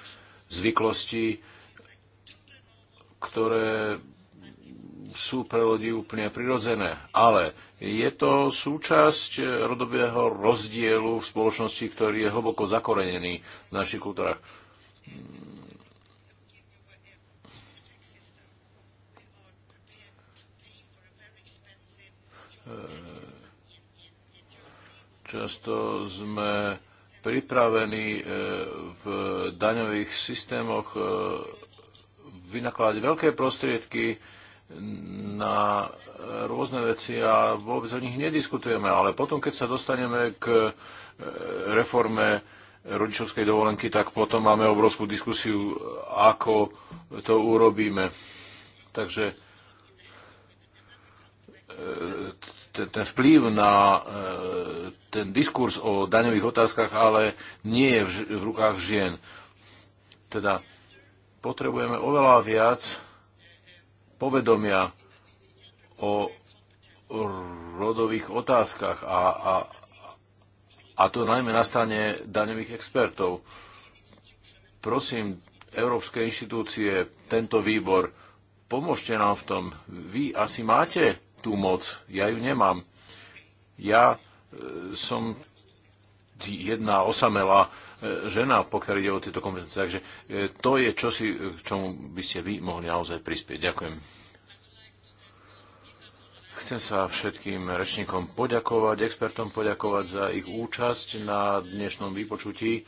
zvyklosti, ktoré sú pre ľudí úplne prirodzené. Ale je to súčasť eh, rodového rozdielu v spoločnosti, ktorý je hlboko zakorenený v našich kultúrach. Eh, často sme pripravení eh, v daňových systémoch vynakladať veľké prostriedky na rôzne veci a vôbec o nich nediskutujeme. Ale potom, keď sa dostaneme k e, reforme rodičovskej dovolenky, tak potom máme obrovskú diskusiu, ako to urobíme. Takže e, ten vplyv na e, ten diskurs o daňových otázkach ale nie je v rukách žien. Teda potrebujeme oveľa viac povedomia o rodových otázkach a, a, a to najmä na strane daňových expertov. Prosím, európske inštitúcie, tento výbor, pomôžte nám v tom. Vy asi máte tú moc, ja ju nemám. Ja e, som jedna osamelá e, žena, pokiaľ ide o tieto kompetencie. Takže e, to je čosi, k čomu by ste vy mohli naozaj prispieť. Ďakujem. Chcem sa všetkým rečníkom poďakovať, expertom poďakovať za ich účasť na dnešnom vypočutí.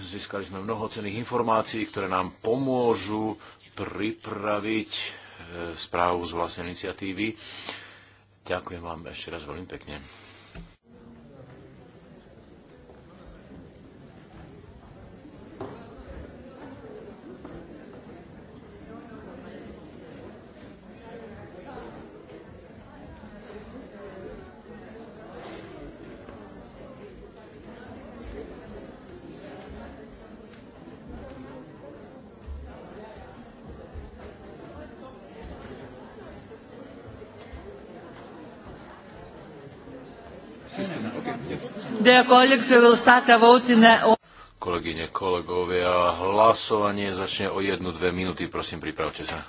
Získali sme mnoho cených informácií, ktoré nám pomôžu pripraviť e, správu z vlastnej iniciatívy. Ďakujem vám ešte raz veľmi pekne. Kolegyne, kolegovia, hlasovanie začne o jednu, dve minúty. Prosím, pripravte sa.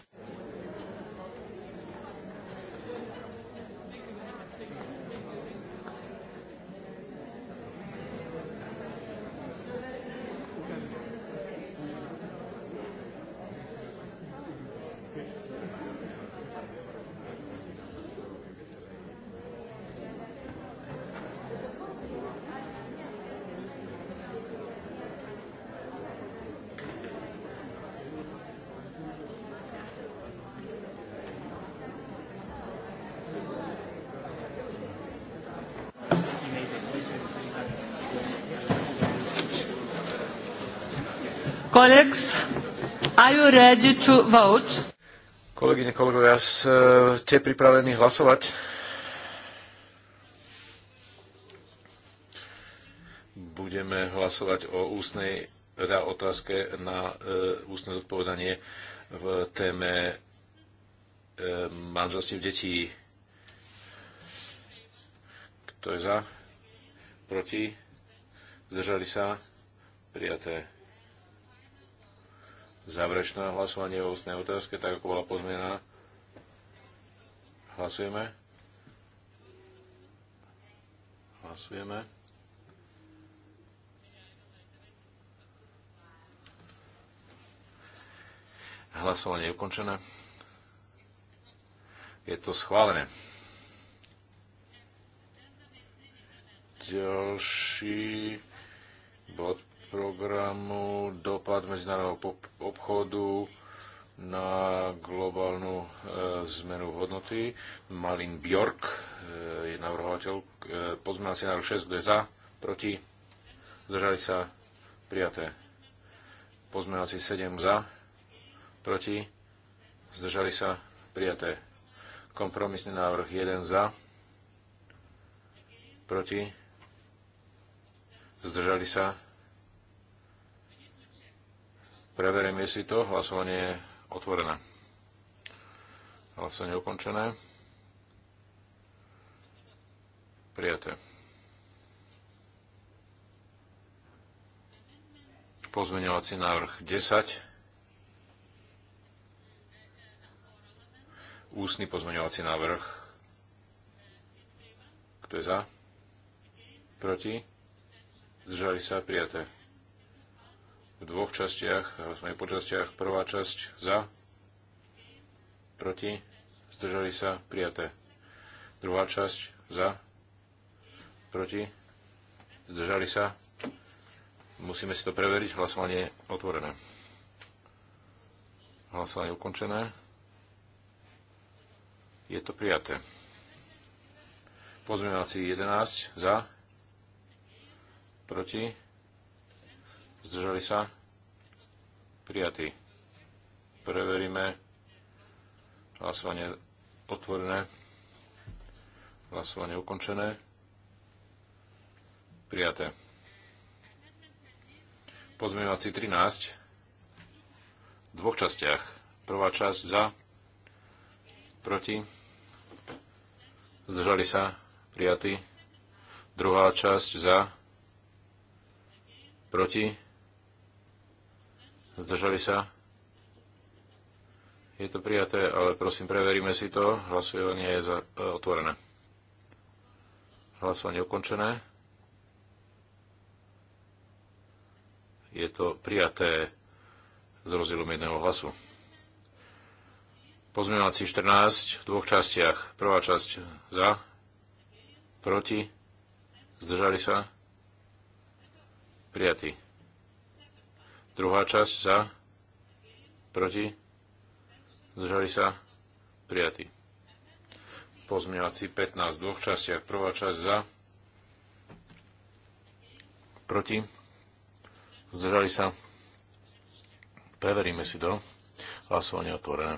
Colleagues, are you ready to vote? Kolegyne, kolegovia, e, ste pripravení hlasovať? Budeme hlasovať o ústnej teda otázke na e, ústne zodpovedanie v téme e, manželstiev detí. Kto je za? Proti? Zdržali sa? Prijaté záverečné hlasovanie o ústnej otázke, tak ako bola pozmená. Hlasujeme. Hlasujeme. Hlasovanie je ukončené. Je to schválené. Ďalší bod programu dopad medzinárodného obchodu na globálnu e, zmenu hodnoty. Malin Bjork e, je navrhovateľ e, pozmenací návrh 6, kto je za, proti, zdržali sa, prijaté. si 7 za, proti, zdržali sa, prijaté. Kompromisný návrh 1 za, proti, zdržali sa, prijaté. Preveríme si to. Hlasovanie je otvorené. Hlasovanie je ukončené. Prijaté. Pozmeňovací návrh 10. Ústny pozmeňovací návrh. Kto je za? Proti? Zdržali sa prijaté v dvoch častiach, sme po častiach. Prvá časť za, proti, zdržali sa, prijaté. Druhá časť za, proti, zdržali sa. Musíme si to preveriť, hlasovanie otvorené. Hlasovanie ukončené. Je to prijaté. Pozmeňovací 11 za, proti, Zdržali sa? Prijatý. Preveríme. Hlasovanie otvorené. Hlasovanie ukončené. Prijaté. Pozmievací 13 v dvoch častiach. Prvá časť za, proti, zdržali sa, prijatí. Druhá časť za, proti, Zdržali sa? Je to prijaté, ale prosím, preveríme si to. Hlasovanie je za, e, otvorené. Hlasovanie ukončené. Je to prijaté s rozdielom jedného hlasu. Pozmeňovací 14 v dvoch častiach. Prvá časť za, proti, zdržali sa, prijatý. Druhá časť za, proti, zdržali sa, prijatí. Pozmeňovací 15 v dvoch častiach. Prvá časť za, proti, zdržali sa. Preveríme si to. Hlasovanie otvorené.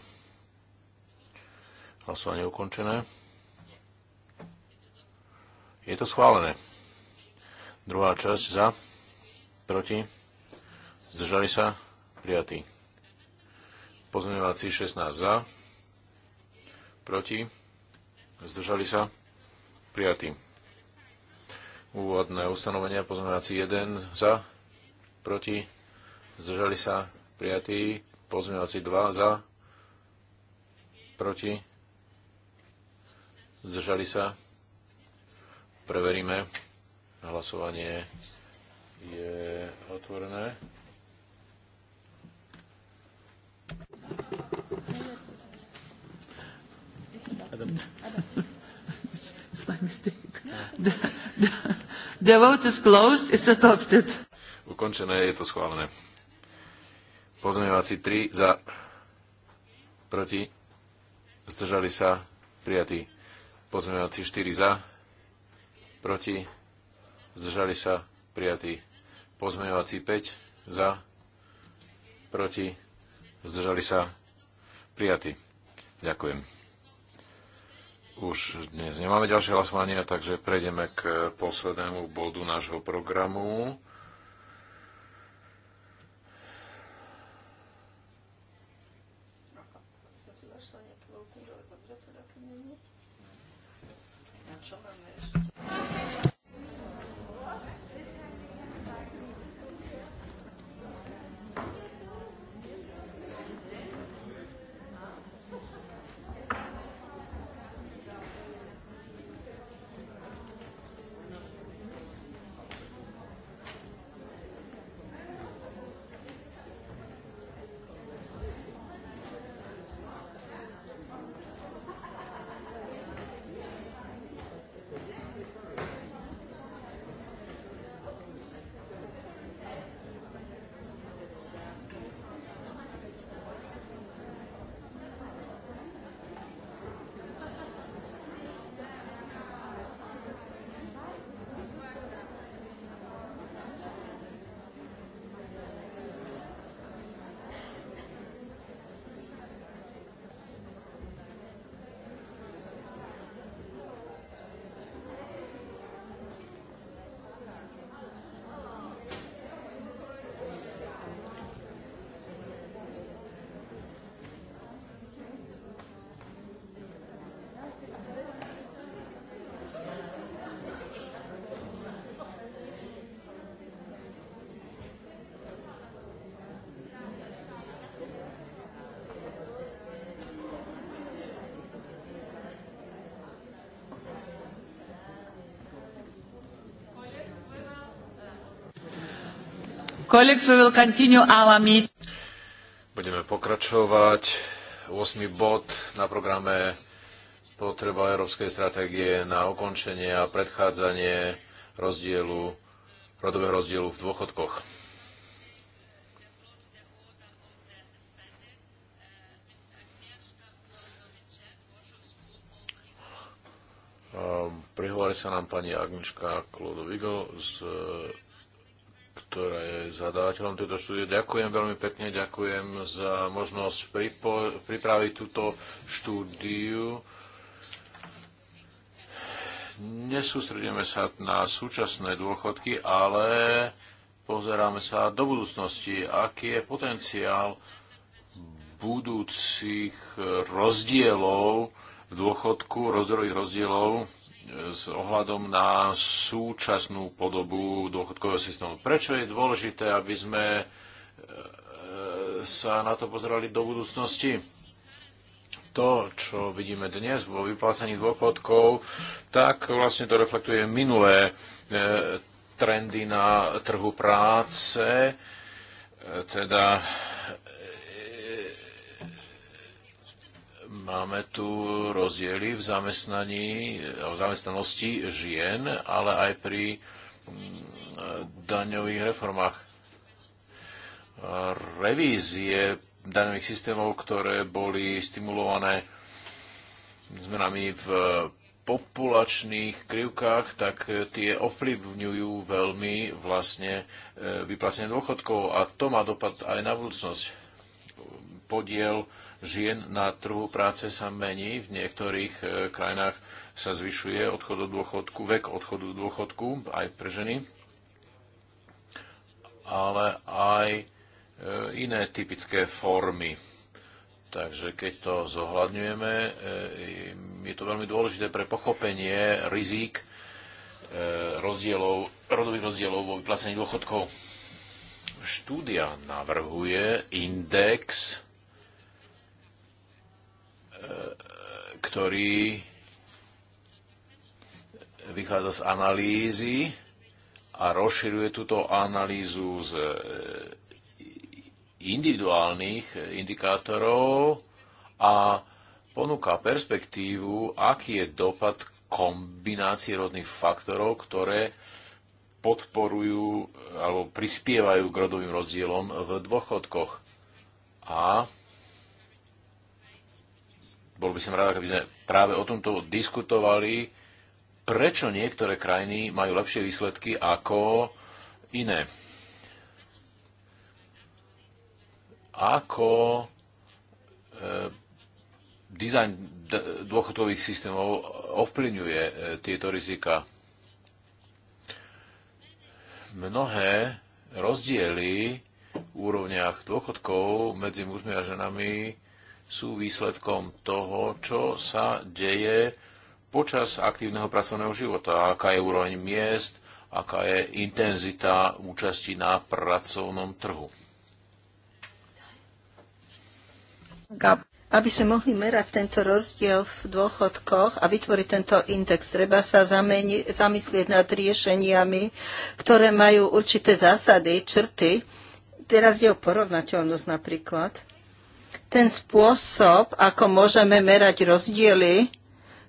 Hlasovanie ukončené. Je to schválené. Druhá časť za, proti, Zdržali sa? Prijatý. Pozmeňovací 16 za. Proti? Zdržali sa? Prijatý. Úvodné ustanovenia. Pozmeňovací 1 za. Proti? Zdržali sa? Prijatý. Pozmeňovací 2 za. Proti? Zdržali sa? Preveríme. Hlasovanie je otvorené. it's, it's my mistake. The, the, the vote is closed. It's adopted. Ukončené je to schválené. Pozmeňovací 3 za, proti, zdržali sa, prijatí, Pozmeňovací 4 za, proti, zdržali sa, prijatí, Pozmeňovací 5 za, proti, zdržali sa, prijatí, Ďakujem. Už dnes nemáme ďalšie hlasovania, takže prejdeme k poslednému bodu nášho programu. Colleagues, we will continue our meet. Budeme pokračovať. 8. bod na programe potreba európskej stratégie na ukončenie a predchádzanie rozdielu, rodového rozdielu v dôchodkoch. Ehm, Prihovorí sa nám pani Agnička Klodovigo z ktorá je zadávateľom tejto štúdie. Ďakujem veľmi pekne, ďakujem za možnosť pripo- pripraviť túto štúdiu. Nesústredíme sa na súčasné dôchodky, ale pozeráme sa do budúcnosti, aký je potenciál budúcich rozdielov, dôchodku, rozdielových rozdielov s ohľadom na súčasnú podobu dôchodkového systému. Prečo je dôležité, aby sme e, sa na to pozerali do budúcnosti? To, čo vidíme dnes vo vyplácaní dôchodkov, tak vlastne to reflektuje minulé e, trendy na trhu práce, e, teda Máme tu rozdiely v zamestnaní, eh, v zamestnanosti žien, ale aj pri mm, eh, daňových reformách. Revízie daňových systémov, ktoré boli stimulované zmenami v populačných krivkách, tak eh, tie ovplyvňujú veľmi vlastne vyplacenie dôchodkov a to má dopad aj na budúcnosť. Podiel žien na trhu práce sa mení. V niektorých e, krajinách sa zvyšuje odchod do dôchodku, vek odchodu do dôchodku aj pre ženy, ale aj e, iné typické formy. Takže keď to zohľadňujeme, e, je to veľmi dôležité pre pochopenie rizík rozdielov, rodových rozdielov vo vyplacení dôchodkov. Štúdia navrhuje index ktorý vychádza z analýzy a rozširuje túto analýzu z e, individuálnych indikátorov a ponúka perspektívu, aký je dopad kombinácie rodných faktorov, ktoré podporujú alebo prispievajú k rodovým rozdielom v dôchodkoch. A bol by som rád, aby sme práve o tomto diskutovali, prečo niektoré krajiny majú lepšie výsledky ako iné. Ako e, dizajn dôchodkových systémov ovplyvňuje e, tieto rizika. Mnohé rozdiely v úrovniach dôchodkov medzi mužmi a ženami sú výsledkom toho, čo sa deje počas aktívneho pracovného života, aká je úroveň miest, aká je intenzita účasti na pracovnom trhu. Aby sme mohli merať tento rozdiel v dôchodkoch a vytvoriť tento index, treba sa zameni, zamyslieť nad riešeniami, ktoré majú určité zásady, črty. Teraz je o porovnateľnosť napríklad ten spôsob, ako môžeme merať rozdiely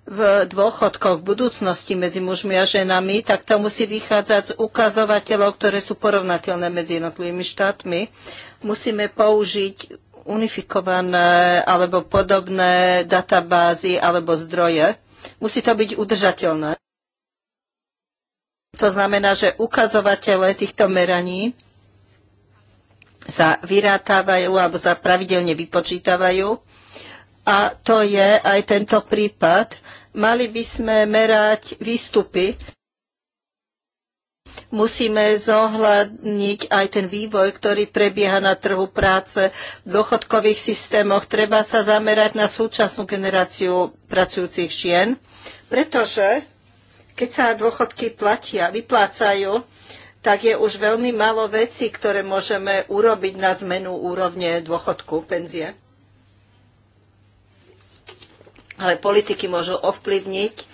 v dôchodkoch v budúcnosti medzi mužmi a ženami, tak to musí vychádzať z ukazovateľov, ktoré sú porovnateľné medzi jednotlivými štátmi. Musíme použiť unifikované alebo podobné databázy alebo zdroje. Musí to byť udržateľné. To znamená, že ukazovatele týchto meraní sa vyrátavajú alebo sa pravidelne vypočítavajú. A to je aj tento prípad. Mali by sme merať výstupy. Musíme zohľadniť aj ten vývoj, ktorý prebieha na trhu práce v dôchodkových systémoch. Treba sa zamerať na súčasnú generáciu pracujúcich žien, pretože keď sa dôchodky platia, vyplácajú, tak je už veľmi málo vecí, ktoré môžeme urobiť na zmenu úrovne dôchodku, penzie. Ale politiky môžu ovplyvniť e,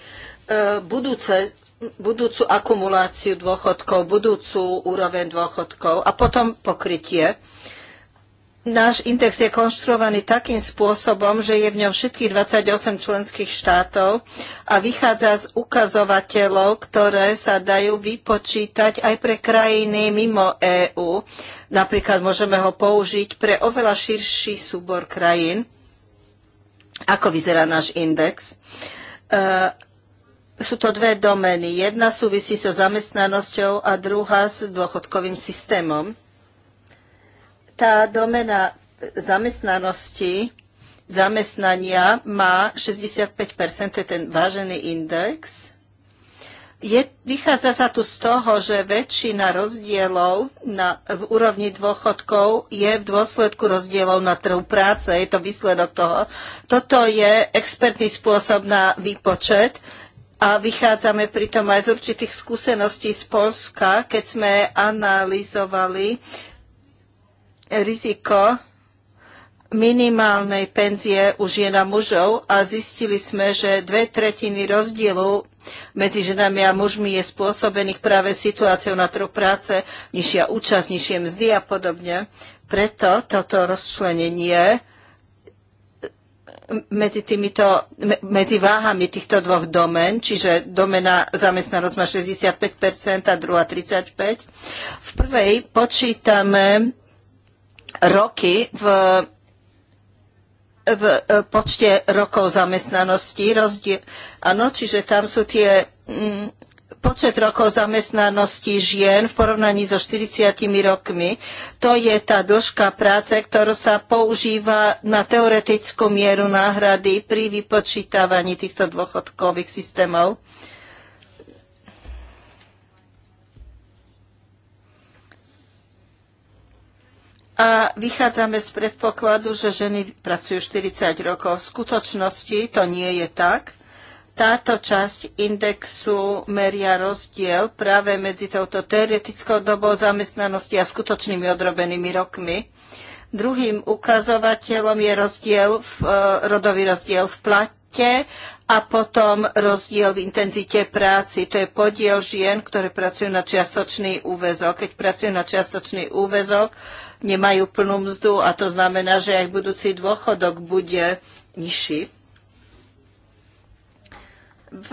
budúce, budúcu akumuláciu dôchodkov, budúcu úroveň dôchodkov a potom pokrytie. Náš index je konštruovaný takým spôsobom, že je v ňom všetkých 28 členských štátov a vychádza z ukazovateľov, ktoré sa dajú vypočítať aj pre krajiny mimo EÚ. Napríklad môžeme ho použiť pre oveľa širší súbor krajín. Ako vyzerá náš index? E, sú to dve domény. Jedna súvisí so zamestnanosťou a druhá s dôchodkovým systémom. Tá domena zamestnanosti, zamestnania má 65%, to je ten vážený index. Je, vychádza sa tu z toho, že väčšina rozdielov na, v úrovni dôchodkov je v dôsledku rozdielov na trhu práce. Je to výsledok toho. Toto je expertný spôsob na výpočet a vychádzame pritom aj z určitých skúseností z Polska, keď sme analyzovali riziko minimálnej penzie u žien a mužov a zistili sme, že dve tretiny rozdielu medzi ženami a mužmi je spôsobených práve situáciou na trhu práce, nižšia účasť, nižšie mzdy a podobne. Preto toto rozčlenenie medzi, týmito, medzi váhami týchto dvoch domen, čiže domena zamestnanosť má 65% a druhá 35%. V prvej počítame roky v v e, počte rokov zamestnanosti rozdiel. Áno, čiže tam sú tie m, mm, počet rokov zamestnanosti žien v porovnaní so 40 rokmi. To je tá dĺžka práce, ktorá sa používa na teoretickú mieru náhrady pri vypočítavaní týchto dôchodkových systémov. Uh, a vychádzame z predpokladu, že ženy pracujú 40 rokov. V skutočnosti to nie je tak. Táto časť indexu meria rozdiel práve medzi touto teoretickou dobou zamestnanosti a skutočnými odrobenými rokmi. Druhým ukazovateľom je rozdiel v, e, rodový rozdiel v plate a potom rozdiel v intenzite práci. To je podiel žien, ktoré pracujú na čiastočný úvezok. Keď pracujú na čiastočný úvezok, nemajú plnú mzdu a to znamená, že aj budúci dôchodok bude nižší. V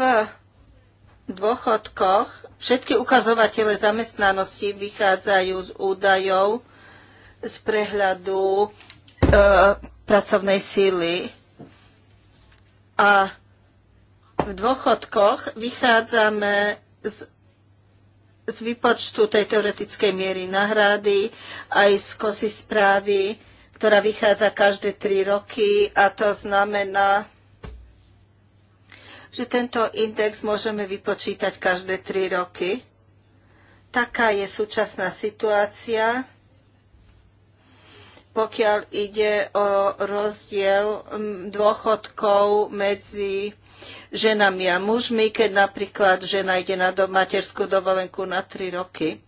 dôchodkoch všetky ukazovatele zamestnanosti vychádzajú z údajov z prehľadu e, pracovnej síly a v dôchodkoch vychádzame z z výpočtu tej teoretickej miery náhrady, aj z kosy správy, ktorá vychádza každé tri roky a to znamená, že tento index môžeme vypočítať každé tri roky. Taká je súčasná situácia, pokiaľ ide o rozdiel dôchodkov medzi ženami a mužmi, keď napríklad žena ide na do, materskú dovolenku na 3 roky.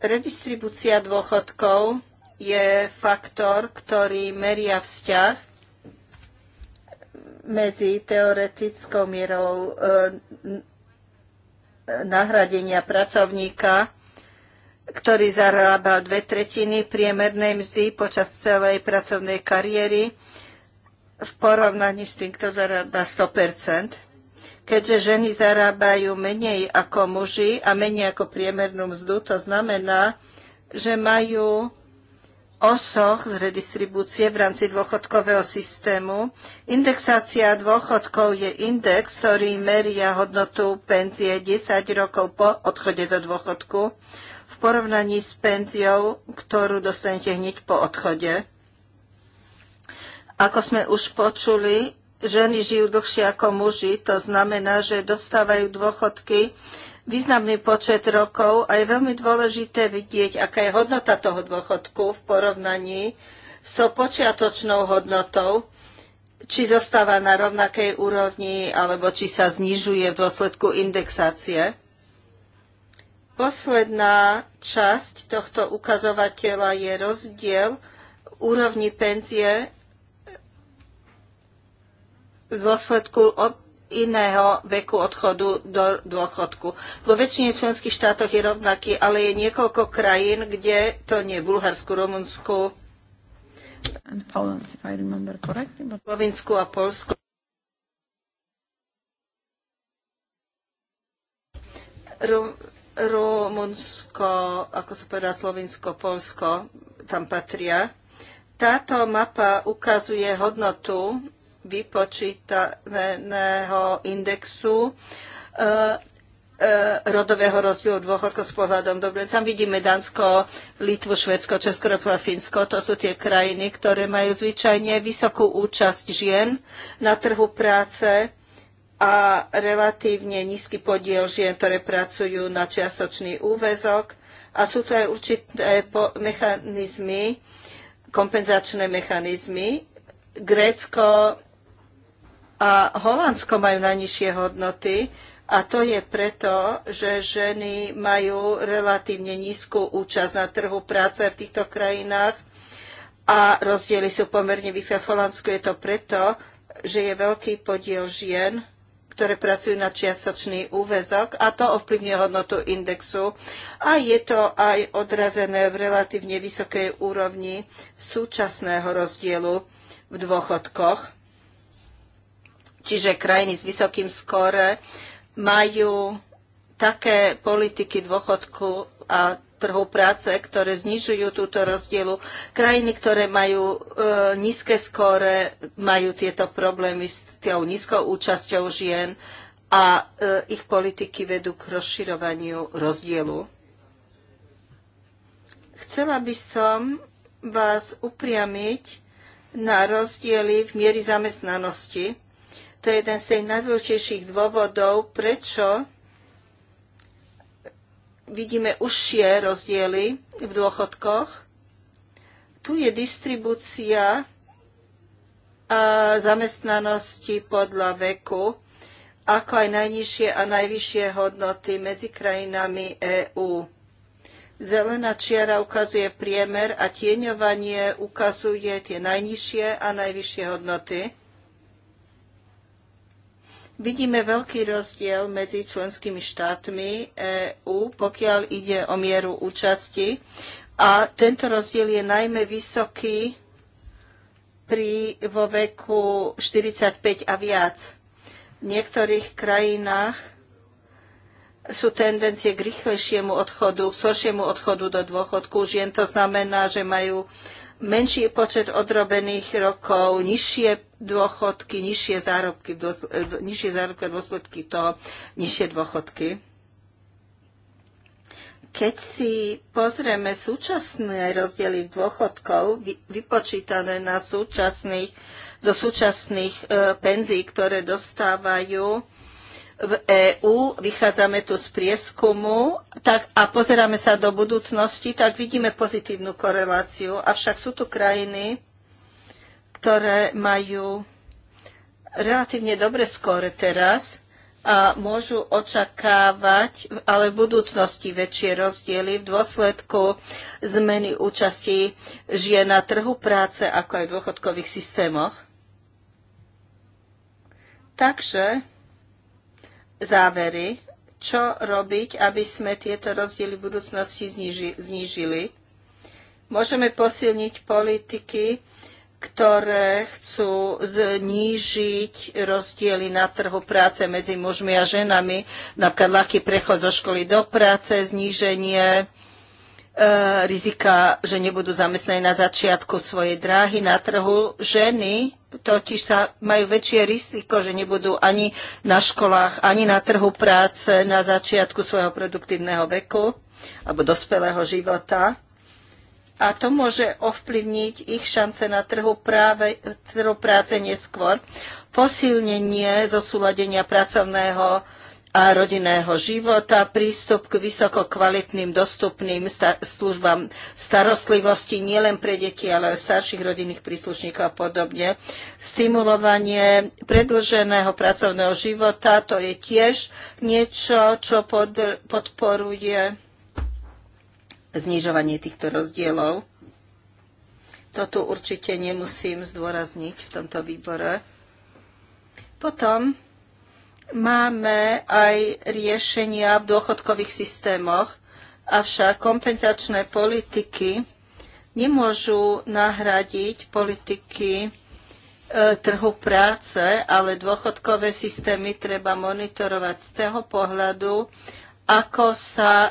Redistribúcia dôchodkov je faktor, ktorý meria vzťah medzi teoretickou mierou e, nahradenia pracovníka ktorý zarába dve tretiny priemernej mzdy počas celej pracovnej kariéry v porovnaní s tým, kto zarába 100%. Keďže ženy zarábajú menej ako muži a menej ako priemernú mzdu, to znamená, že majú osoch z redistribúcie v rámci dôchodkového systému. Indexácia dôchodkov je index, ktorý meria hodnotu penzie 10 rokov po odchode do dôchodku v porovnaní s penziou, ktorú dostanete hneď po odchode. Ako sme už počuli, ženy žijú dlhšie ako muži, to znamená, že dostávajú dôchodky významný počet rokov a je veľmi dôležité vidieť, aká je hodnota toho dôchodku v porovnaní s so počiatočnou hodnotou, či zostáva na rovnakej úrovni alebo či sa znižuje v dôsledku indexácie. Posledná časť tohto ukazovateľa je rozdiel úrovni penzie v dôsledku od iného veku odchodu do dôchodku. Vo väčšine členských štátoch je rovnaký, ale je niekoľko krajín, kde to nie, Bulharsku, Rumunsku, Slovinsku a Polsku. Ru, Rumunsko, ako sa povedá Slovinsko, Polsko tam patria. Táto mapa ukazuje hodnotu vypočítaného indexu e, e, rodového rozdielu dôchodkov s pohľadom dobre. Tam vidíme Dánsko, Litvu, Švedsko, Českoropla, Fínsko. To sú tie krajiny, ktoré majú zvyčajne vysokú účasť žien na trhu práce a relatívne nízky podiel žien, ktoré pracujú na čiastočný úvezok. A sú to aj určité mechanizmy, kompenzačné mechanizmy. Grécko a Holandsko majú najnižšie hodnoty a to je preto, že ženy majú relatívne nízku účasť na trhu práce v týchto krajinách a rozdiely sú pomerne vysoké. V Holandsku je to preto, že je veľký podiel žien, ktoré pracujú na čiastočný úvezok a to ovplyvňuje hodnotu indexu a je to aj odrazené v relatívne vysokej úrovni súčasného rozdielu v dôchodkoch čiže krajiny s vysokým skóre, majú také politiky dôchodku a trhu práce, ktoré znižujú túto rozdielu. Krajiny, ktoré majú e, nízke skóre, majú tieto problémy s tou nízkou účasťou žien a e, ich politiky vedú k rozširovaniu rozdielu. Chcela by som vás upriamiť na rozdiely v miery zamestnanosti to je jeden z tých najdôležitejších dôvodov, prečo vidíme užšie rozdiely v dôchodkoch. Tu je distribúcia zamestnanosti podľa veku, ako aj najnižšie a najvyššie hodnoty medzi krajinami EÚ. Zelená čiara ukazuje priemer a tieňovanie ukazuje tie najnižšie a najvyššie hodnoty. Vidíme veľký rozdiel medzi členskými štátmi EÚ, pokiaľ ide o mieru účasti. A tento rozdiel je najmä vysoký pri, vo veku 45 a viac. V niektorých krajinách sú tendencie k rýchlejšiemu odchodu, k soršiemu odchodu do dôchodku žien. To znamená, že majú menší počet odrobených rokov, nižšie dôchodky, nižšie zárobky, e, nižšie zárobky a dôsledky to nižšie dôchodky. Keď si pozrieme súčasné rozdiely dôchodkov, vypočítané na súčasných, zo súčasných e, penzí, ktoré dostávajú v EÚ, vychádzame tu z prieskumu tak, a pozeráme sa do budúcnosti, tak vidíme pozitívnu koreláciu. Avšak sú tu krajiny, ktoré majú relatívne dobré skóre teraz a môžu očakávať ale v budúcnosti väčšie rozdiely v dôsledku zmeny účasti žien na trhu práce ako aj v dôchodkových systémoch. Takže závery, čo robiť, aby sme tieto rozdiely v budúcnosti znížili. Môžeme posilniť politiky, ktoré chcú znížiť rozdiely na trhu práce medzi mužmi a ženami, napríklad ľahký prechod zo školy do práce, zníženie E, rizika, že nebudú zamestnané na začiatku svojej dráhy na trhu. Ženy totiž sa majú väčšie riziko, že nebudú ani na školách, ani na trhu práce na začiatku svojho produktívneho veku alebo dospelého života. A to môže ovplyvniť ich šance na trhu, práve, trhu práce neskôr. Posilnenie zosúladenia pracovného a rodinného života, prístup k vysoko kvalitným dostupným star- službám starostlivosti nielen pre deti, ale aj starších rodinných príslušníkov a podobne. Stimulovanie predlženého pracovného života, to je tiež niečo, čo pod- podporuje znižovanie týchto rozdielov. To tu určite nemusím zdôrazniť v tomto výbore. Potom Máme aj riešenia v dôchodkových systémoch, avšak kompenzačné politiky nemôžu nahradiť politiky e, trhu práce, ale dôchodkové systémy treba monitorovať z toho pohľadu, ako sa e,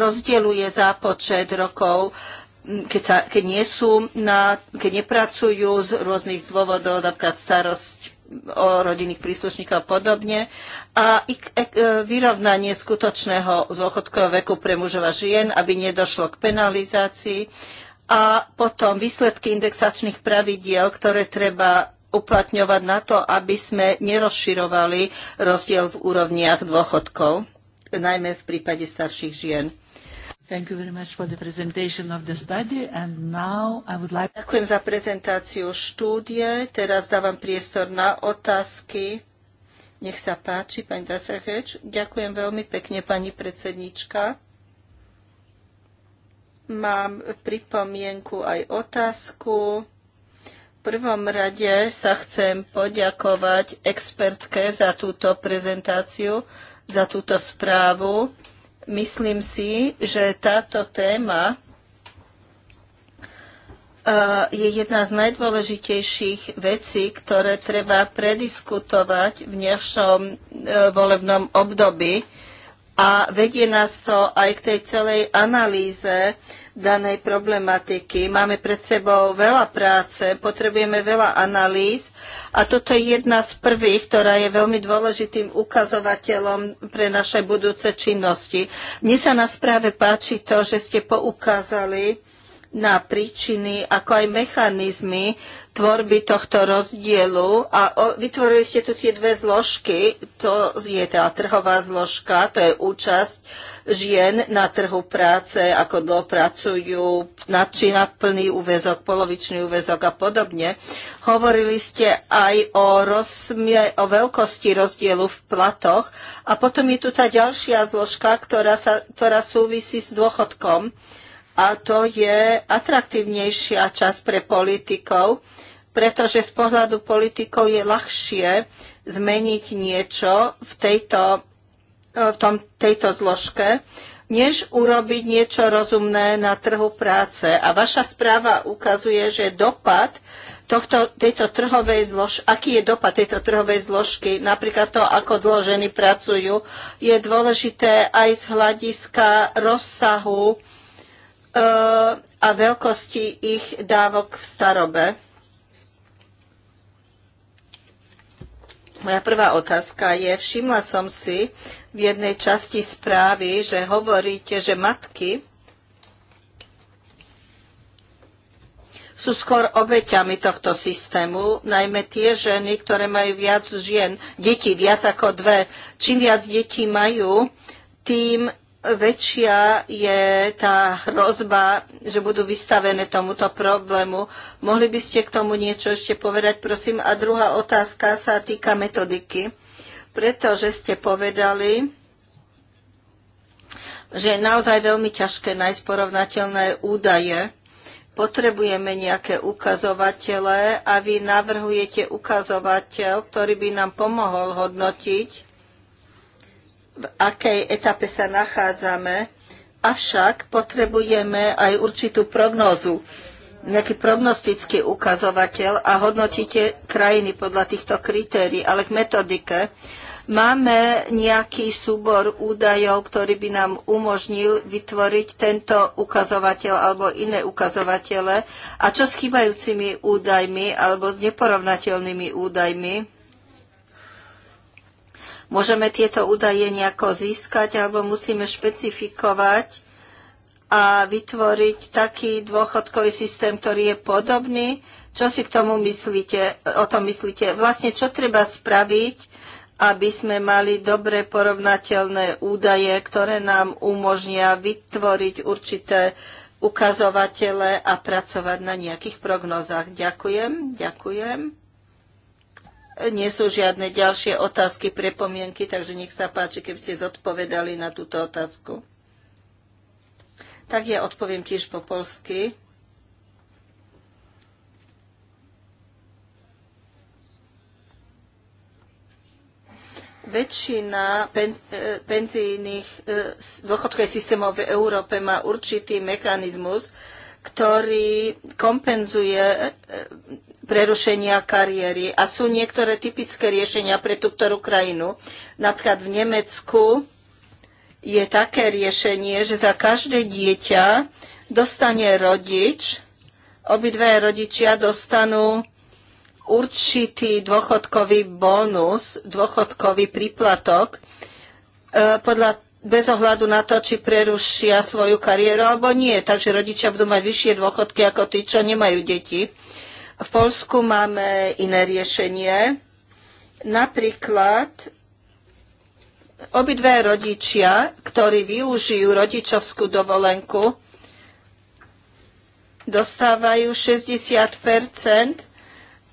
rozdeluje zápočet rokov, keď, sa, keď, nie sú na, keď nepracujú z rôznych dôvodov, napríklad starosť o rodinných príslušníkov a podobne. A e, e, vyrovnanie skutočného dôchodkového veku pre mužov a žien, aby nedošlo k penalizácii. A potom výsledky indexačných pravidiel, ktoré treba uplatňovať na to, aby sme nerozširovali rozdiel v úrovniach dôchodkov, najmä v prípade starších žien. Thank you very much for the presentation of the study and now I would like... Ďakujem za prezentáciu štúdie. Teraz dávam priestor na otázky. Nech sa páči, pani Dracerheč. Ďakujem veľmi pekne, pani predsednička. Mám pripomienku aj otázku. V prvom rade sa chcem poďakovať expertke za túto prezentáciu, za túto správu Myslím si, že táto téma je jedna z najdôležitejších vecí, ktoré treba prediskutovať v dnešnom e, volebnom období a vedie nás to aj k tej celej analýze danej problematiky. Máme pred sebou veľa práce, potrebujeme veľa analýz a toto je jedna z prvých, ktorá je veľmi dôležitým ukazovateľom pre naše budúce činnosti. Mne sa na správe páči to, že ste poukázali, na príčiny, ako aj mechanizmy tvorby tohto rozdielu. A o, vytvorili ste tu tie dve zložky. To je tá trhová zložka, to je účasť žien na trhu práce, ako dlho pracujú, na, či na plný úvezok, polovičný úvezok a podobne. Hovorili ste aj o, rozmie, o veľkosti rozdielu v platoch. A potom je tu tá ďalšia zložka, ktorá, sa, ktorá súvisí s dôchodkom a to je atraktívnejšia časť pre politikov, pretože z pohľadu politikov je ľahšie zmeniť niečo v tejto, e, v tom, tejto zložke, než urobiť niečo rozumné na trhu práce. A vaša správa ukazuje, že dopad tohto, tejto trhovej zlož, aký je dopad tejto trhovej zložky, napríklad to, ako dlho ženy pracujú, je dôležité aj z hľadiska rozsahu a veľkosti ich dávok v starobe. Moja prvá otázka je, všimla som si v jednej časti správy, že hovoríte, že matky sú skôr obeťami tohto systému, najmä tie ženy, ktoré majú viac žien, deti viac ako dve. Čím viac detí majú, tým väčšia je tá hrozba, že budú vystavené tomuto problému. Mohli by ste k tomu niečo ešte povedať, prosím? A druhá otázka sa týka metodiky. Pretože ste povedali, že je naozaj veľmi ťažké nájsť porovnateľné údaje. Potrebujeme nejaké ukazovatele a vy navrhujete ukazovateľ, ktorý by nám pomohol hodnotiť, v akej etape sa nachádzame, avšak potrebujeme aj určitú prognózu, nejaký prognostický ukazovateľ a hodnotíte krajiny podľa týchto kritérií, ale k metodike. Máme nejaký súbor údajov, ktorý by nám umožnil vytvoriť tento ukazovateľ alebo iné ukazovatele? A čo s chýbajúcimi údajmi alebo s neporovnateľnými údajmi? Môžeme tieto údaje nejako získať alebo musíme špecifikovať a vytvoriť taký dôchodkový systém, ktorý je podobný. Čo si k tomu myslíte, o tom myslíte? Vlastne, čo treba spraviť, aby sme mali dobre porovnateľné údaje, ktoré nám umožnia vytvoriť určité ukazovatele a pracovať na nejakých prognozách. Ďakujem, ďakujem. Nie sú žiadne ďalšie otázky, prepomienky, takže nech sa páči, keby ste zodpovedali na túto otázku. Tak ja odpoviem tiež po polsky. väčšina e, penzijných e, dôchodkových systémov v Európe má určitý mechanizmus, ktorý kompenzuje e, prerušenia kariéry. A sú niektoré typické riešenia pre tú ktorú krajinu. Napríklad v Nemecku je také riešenie, že za každé dieťa dostane rodič, obidve rodičia dostanú určitý dôchodkový bonus, dôchodkový príplatok e, podľa, bez ohľadu na to, či prerušia svoju kariéru alebo nie. Takže rodičia budú mať vyššie dôchodky ako tí, čo nemajú deti. V Polsku máme iné riešenie. Napríklad obidve rodičia, ktorí využijú rodičovskú dovolenku, dostávajú 60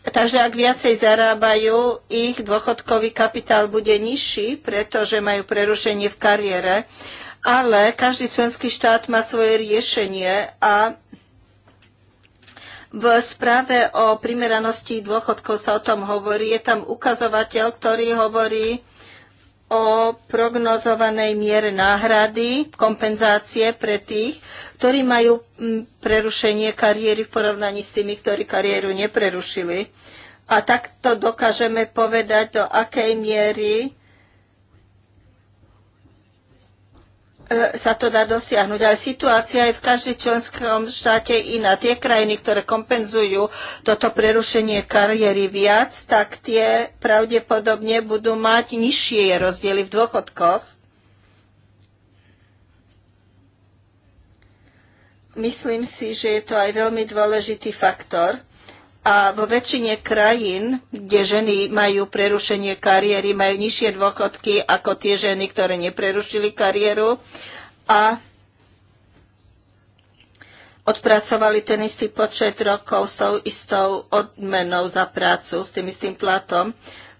Takže ak viacej zarábajú, ich dôchodkový kapitál bude nižší, pretože majú prerušenie v kariére. Ale každý členský štát má svoje riešenie a v správe o primeranosti dôchodkov sa o tom hovorí. Je tam ukazovateľ, ktorý hovorí o prognozovanej miere náhrady, kompenzácie pre tých, ktorí majú mm, prerušenie kariéry v porovnaní s tými, ktorí kariéru neprerušili. A takto dokážeme povedať, do akej miery E, sa to dá dosiahnuť. Ale situácia je v každej členskom štáte iná. Tie krajiny, ktoré kompenzujú toto prerušenie kariéry viac, tak tie pravdepodobne budú mať nižšie rozdiely v dôchodkoch. Myslím si, že je to aj veľmi dôležitý faktor. A vo väčšine krajín, kde ženy majú prerušenie kariéry, majú nižšie dôchodky ako tie ženy, ktoré neprerušili kariéru a odpracovali ten istý počet rokov s tou istou odmenou za prácu, s tým istým platom.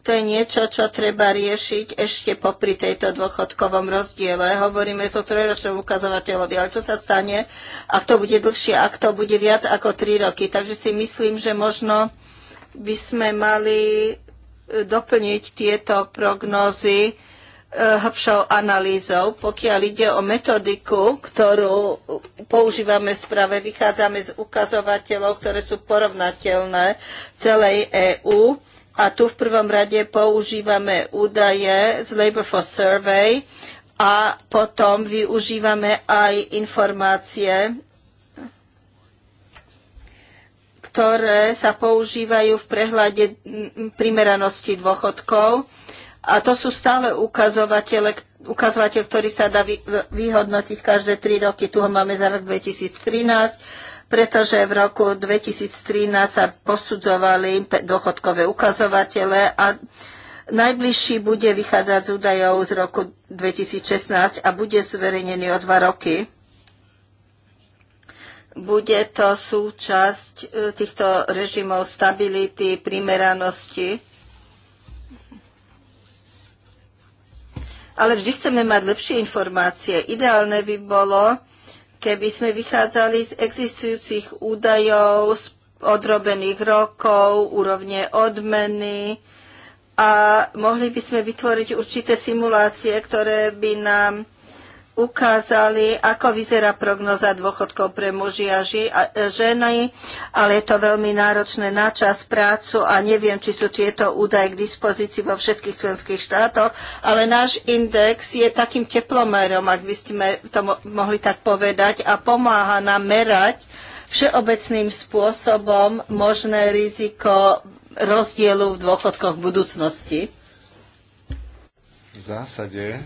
To je niečo, čo treba riešiť ešte popri tejto dôchodkovom rozdiele. Hovoríme to trojročnom ukazovateľovi, ale čo sa stane, ak to bude dlhšie, ak to bude viac ako tri roky. Takže si myslím, že možno by sme mali e, doplniť tieto prognózy e, hĺbšou analýzou. Pokiaľ ide o metodiku, ktorú používame v sprave, vychádzame z ukazovateľov, ktoré sú porovnateľné celej EÚ a tu v prvom rade používame údaje z Labor for Survey a potom využívame aj informácie, ktoré sa používajú v prehľade primeranosti dôchodkov. A to sú stále ukazovatele, ukazovateľ, ktorý sa dá vyhodnotiť každé tri roky. Tu ho máme za rok 2013, pretože v roku 2013 sa posudzovali dôchodkové ukazovatele a najbližší bude vychádzať z údajov z roku 2016 a bude zverejnený o dva roky. Bude to súčasť e, týchto režimov stability, primeranosti. Ale vždy chceme mať lepšie informácie. Ideálne by bolo, Keby sme vychádzali z existujúcich údajov, z odrobených rokov, úrovne odmeny a mohli by sme vytvoriť určité simulácie, ktoré by nám ukázali, ako vyzerá prognoza dôchodkov pre muži a e, ženy, ale je to veľmi náročné na čas prácu a neviem, či sú tieto údaje k dispozícii vo všetkých členských štátoch, ale náš index je takým teplomerom, ak by sme to mohli tak povedať, a pomáha nám merať všeobecným spôsobom možné riziko rozdielu v dôchodkoch v budúcnosti. V zásade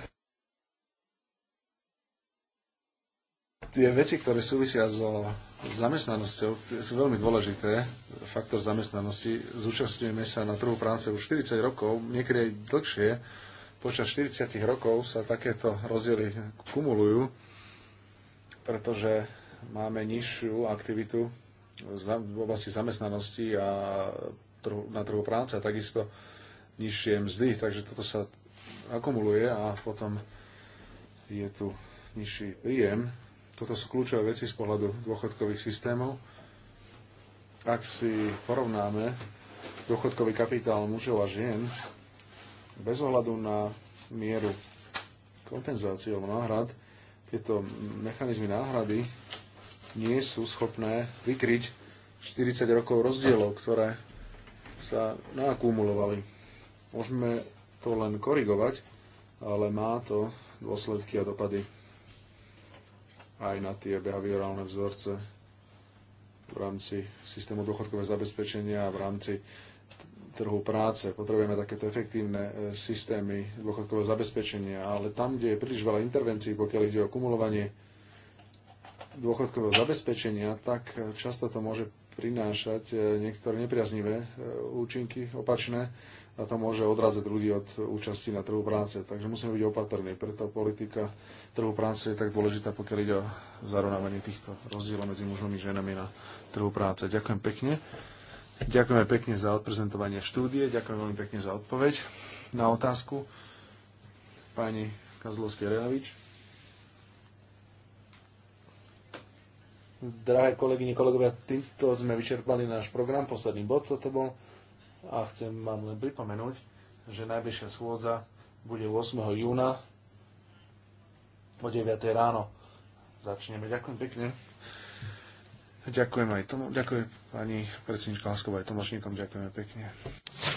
tie veci, ktoré súvisia so zamestnanosťou, sú veľmi dôležité. Faktor zamestnanosti. Zúčastňujeme sa na trhu práce už 40 rokov, niekedy aj dlhšie. Počas 40 rokov sa takéto rozdiely kumulujú, pretože máme nižšiu aktivitu v oblasti zamestnanosti a na trhu práce a takisto nižšie mzdy. Takže toto sa akumuluje a potom je tu nižší príjem toto sú kľúčové veci z pohľadu dôchodkových systémov. Ak si porovnáme dôchodkový kapitál mužov a žien, bez ohľadu na mieru kompenzácie alebo náhrad, tieto mechanizmy náhrady nie sú schopné vykryť 40 rokov rozdielov, ktoré sa naakumulovali. Môžeme to len korigovať, ale má to dôsledky a dopady aj na tie behaviorálne vzorce v rámci systému dôchodkového zabezpečenia a v rámci trhu práce. Potrebujeme takéto efektívne e, systémy dôchodkového zabezpečenia, ale tam, kde je príliš veľa intervencií, pokiaľ ide o kumulovanie dôchodkového zabezpečenia, tak e, často to môže prinášať e, niektoré nepriaznivé účinky opačné a to môže odrazať ľudí od účasti na trhu práce. Takže musíme byť opatrní. Preto politika trhu práce je tak dôležitá, pokiaľ ide o zarovnávanie týchto rozdielov medzi mužmi a ženami na trhu práce. Ďakujem pekne. Ďakujeme pekne za odprezentovanie štúdie, ďakujem veľmi pekne za odpoveď na otázku pani Kazlovskej-Renavič. Drahé kolegyne, kolegovia, týmto sme vyčerpali náš program, posledný bod toto bol a chcem vám len pripomenúť, že najbližšia schôdza bude 8. júna o 9. ráno. Začneme. Ďakujem pekne. Ďakujem aj tomu, ďakujem pani predsednička Lasková aj tlmočníkom, ďakujeme pekne.